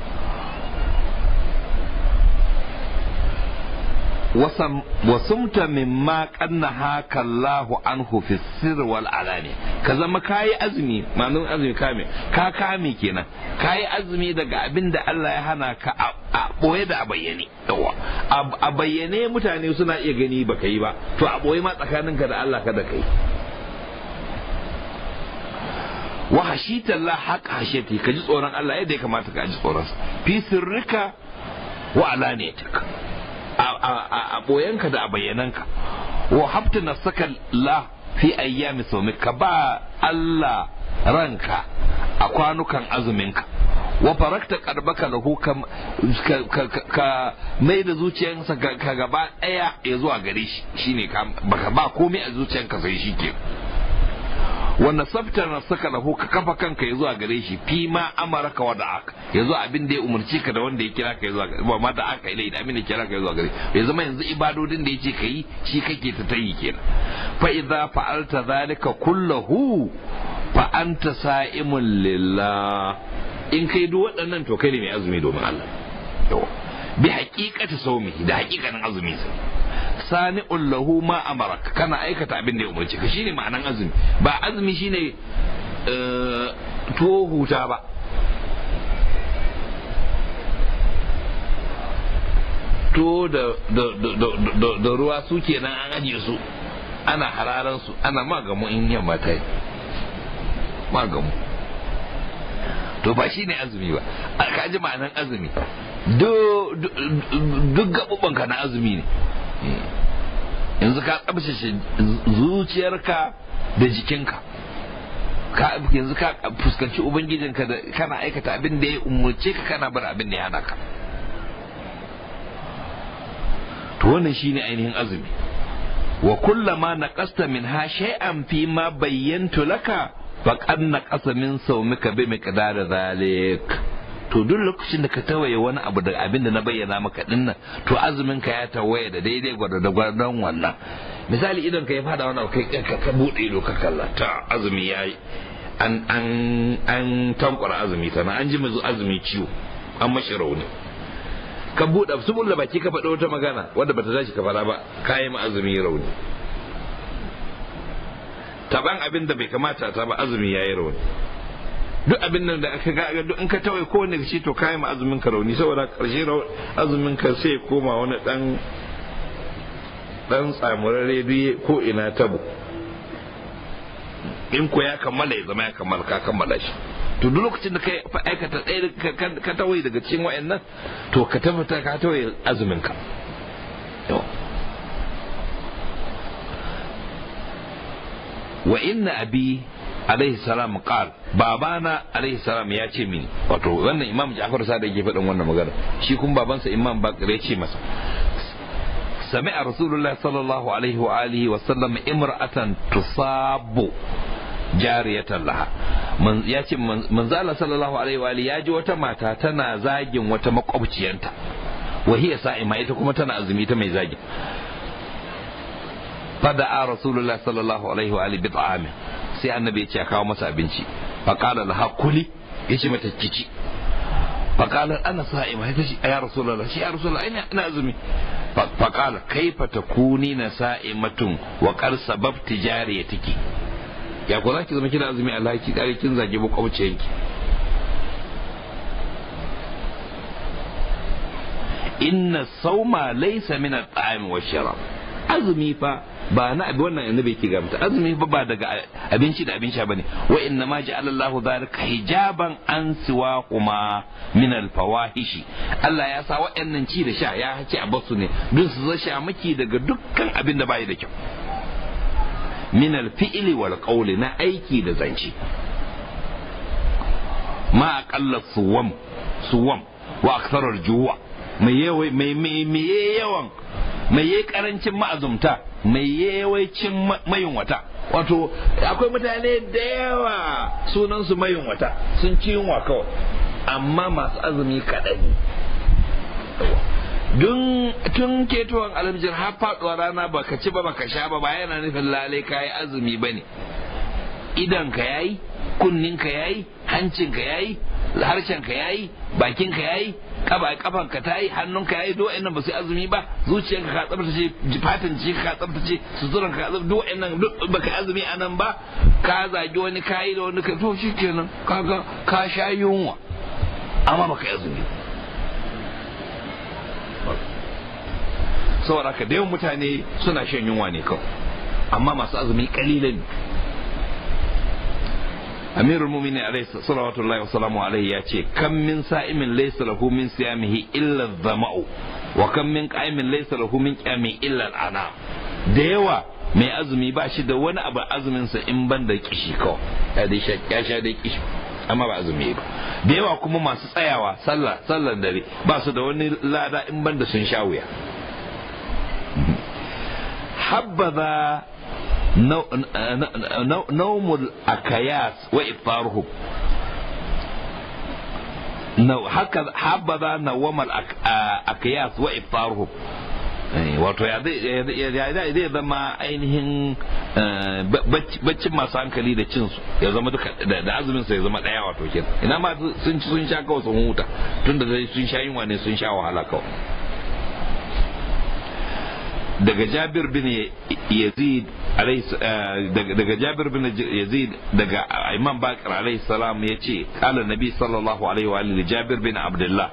wasumta mimma kanna haka Allahu anhu fi sirr wal alani ka zama kai azumi ma'anun azumi kame ka kame kenan kayi azumi daga abinda da Allah ya hana ka a boye da a bayyane yawa a bayyane mutane suna iya gani baka yi ba to a boye ma tsakaninka da Allah kada kai wa hashita Allah haka hashiti ka ji tsoron Allah yadda ya kamata ka ji tsoron fi sirrika wa alaniyatika a ka da a bayyananka wa habta saka la fi ayyami sawmik ka ba Allah ranka a kwanukan azuminka wa farakta karbaka lahu ka mai da zuciyarsa ka gaba daya ya zuwa gare shi shine baka ba komai a zuciyarka sai shi ke. tsaftar na saka da ka kafa kanka ya zuwa gare shi fi ma amaraka wa Ya yazo abin da ya umarci ka da wanda ya kira ka zuwa gare ba ma da'aka ilai da abin da ya kira ka zuwa gare ya zama yanzu ibadodin da yace kai shi kake ta tayi kenan fa idza fa'alta zalika kullahu fa anta sa'imun lillah in kai duk waɗannan to kai ne mai azumi domin Allah yawa bi haqiqati sawmihi da haqiqanin azumi sa sani lahu ma amara kana aikata abin da ya umarci ka shine ma'anan azumi ba azumi shine eh, tuwo huta ba tuwo da ruwa su kenan an ajiye su ana hararan ana magamu in yamma ta magamu to ba shi ne azumi ba ka ji ma'anar azumi duk gaɓuɓanka na azumi ne yanzu ka tsabtace zuciyarka da jikinka ka yanzu ka fuskanci ubangijinka da kana aikata abin da ya umarce ka kana bar abin da ya hana ka to wannan shine ainihin azumi wa kullama naqasta min ha shay'an fi ma bayyantu laka faƙar na min sau muka bi da zalik to duk lokacin da ka tawaye wani abu da abin da na bayyana maka dinnan to azumin ka ya tawaye da daidai gwada da gwardan wannan misali idan ka ya fada wani abu kai ka bude ido ka kalla ta azumi yayi an an an tankwara azumi sana an ji mazu azumi ciwo an mashi rauni ka bude subul baki ka faɗo wata magana wanda bata tashi ka fara ba Ka yi ma azumi rauni taban abin da bai kamata ta ba azumi yi rauni duk abin nan da aka ga duk in ka tawai ko ne shi to kai ma azumin ka rauni saboda karshe azumin ka sai koma wani dan dan tsamurare duye ko ina tabo in ko ya kammala ya zama ya kammala ka kammala shi to duk lokacin da kai aikata ɗaya ka tawai daga cikin wayannan to ka ta ka tawai azumin ka wa inna abi alaihi salam qal babana alaihi salam ya ce mini wato wannan imam Ja'far sadai yake faɗin wannan magana shi kuma babansa imam Bakr ya ce masa sami'a rasulullah sallallahu alaihi wa alihi wa sallam imra'atan tusabu jariyatan laha ya ce manzala sallallahu alaihi wa alihi ya ji wata mata tana zagin wata makwabciyanta wa hiya sa'ima ita kuma tana azumi ta mai zagin a rasulullah sallallahu alaihi wa alihi bid'amin sai annabi ya ce a kawo masa abinci qala laha hakuli yace mata kici qala ana sa'ima yace shi ya rasulullah shi ya rasulullah ina ina azumi qala kaifa takuni na sa'imatun wa qad sababti jariyatiki ya ko zaki zama kina azumi Allah ki dare kin zage ba kwabuciyanki inna sauma laysa min at-ta'am wa sharab azumi fa ba na abi wannan annabi yake ga mutum azumi ba ba daga abinci da abin sha bane wa inna ma ja'ala Allahu zalika hijaban an kuma min al fawahishi Allah ya sa wa'annan ci da sha ya hace a basu ne duk su sha maki daga dukkan abin da bai da kyau min al fi'li wal qawli na aiki da zanci. ma aqalla suwam suwam wa aktharar juwa mai yawan mai yi karancin ma'azumta mai yawaicin mayunwata wato akwai mutane da yawa sunansu mayunwata sun ci yunwa kawai amma masu azumi kaɗan dun tun ketowar alhamdulillah har faɗuwa rana ba ka ci ba ba ka sha ba ba yana nufin lalai ka yi azumi ba ne idanka ya yi kunninka ya yi hancinka ya yi harshenka ya yi bakinka ya yi kaba kafan ta yi hannunka yayi duk wa'annan ba sai azumi ba zuciyarka ka tsaftace fatan ji ka tsaftace suturan ka tsabtace duk wa'annan duk ka azumi anan ba ka zagi wani kayi da wani ka to shikenan kaga ka sha yunwa amma ka azumi saboda ka da yawan mutane suna shan yunwa ne kawai amma masu azumi kalilan amirul mu'minin alaihi salawatullahi wa salamu alaihi ya ce kan min sa'imin laysa lahu min siyamihi illar zama'u, wa kan min qa'imin laysa lahu min qiyami illar ana, da yawa mai azumi ba shi da wani abu azumin sa in ban da kishi kawai ya dai sha dai kishi amma ba azumi ba da yawa kuma masu tsayawa sallar dare ba su da wani lada in ban da sun sha نوم الأكياس wa نو haka حبذا نوم الأكياس wa eh, wato ya zai zama ainihin eh, baccin masu hankali da cinsu ya zama duka da azuminsa ya zama daya wato kenan ina ma sun ci sun sha kawai sun huta tunda da sun sha yunwa ne sun sha wahala kawai daga Jabir bin Yazid eh, daga Jabir bin Yazid daga Imam Bakir alaihi salam yace kala Nabi sallallahu alaihi wa alihi Jabir bin Abdullah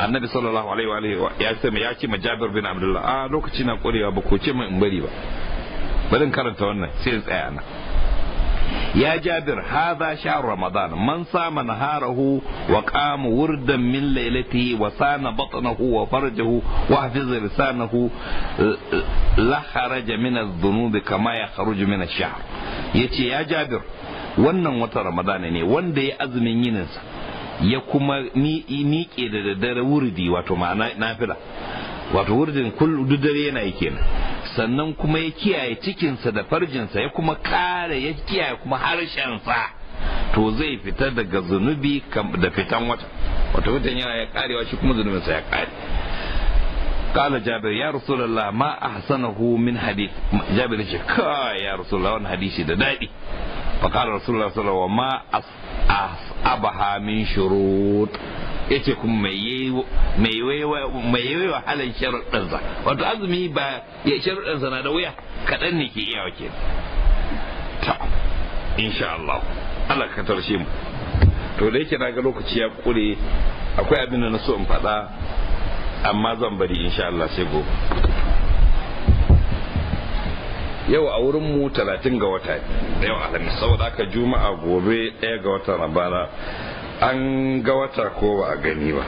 annabi sallallahu alaihi wa alihi ya ce ya ce ma Jabir bin Abdullah a ah, lokaci na korewa ba ko ce mai in bari ba bari karanta wannan sai tsaya na ya jabir haza shahr ramadan man sama naharahu wa qama wurdan min lailatihi wa sana batnahu wa farjahu wa hafiza lisanahu la kharaja min adh-dhunubi kama yakhruju min ash yace ya jabir wannan wata ramadana ne wanda ya azumin yininsa ya kuma miƙe da daddare wurdi wato ma'ana nafila wato wurdin duk dare yana yi kenan sannan kuma ya kiyaye cikinsa da farjinsa ya kuma kare ya kiyaye kuma harshensa to zai fita daga zunubi da fitan wata wata watan yana ya karewa shi kuma zunubinsa ya kare qala jabir ya rasulullah ma ahsanahu min hadith jabir ce ya rasulullah wannan hadisi da dadi fa qala الله min shurut yace kuma mai mai wahalan sharuɗansa wato azumi ba ya sharuɗansa na da wuya kaɗan ne ke iya wake ta insha Allah Allah ka tarshe mu to da yake na ga lokaci ya kure akwai abin da na so in faɗa amma zan bari insha Allah sai gobe yau a wurin mu 30 ga wata yau alhamis saboda aka juma'a gobe ɗaya ga watan rabana an ga wata ko ba a gani ba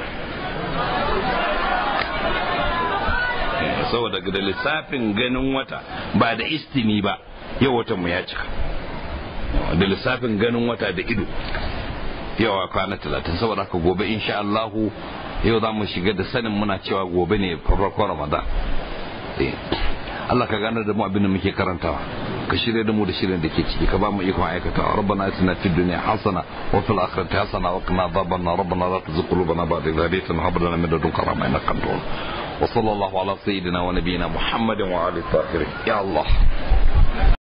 saboda da lissafin ganin wata ba da istini ba yau watan mu ya cika da lissafin ganin wata da ido yawa kwana talatin saboda aka gobe insha Allahu yau za mu shiga da sanin muna cewa gobe ne farko ramadan eh. Allah ka gane da mu abin da muke karantawa ka shirya da mu da shirin da ke ciki ka ba mu ikon aikatawa rabbana atina fid dunya hasana wa fil akhirati hasana wa qina adhaban nar rabbana la tuzigh qulubana ba'da idh hadaytana wa hab lana min ladunka rahmatan innaka antal wahhab wa sallallahu ala sayyidina wa nabiyyina muhammadin wa alihi tahirin ya allah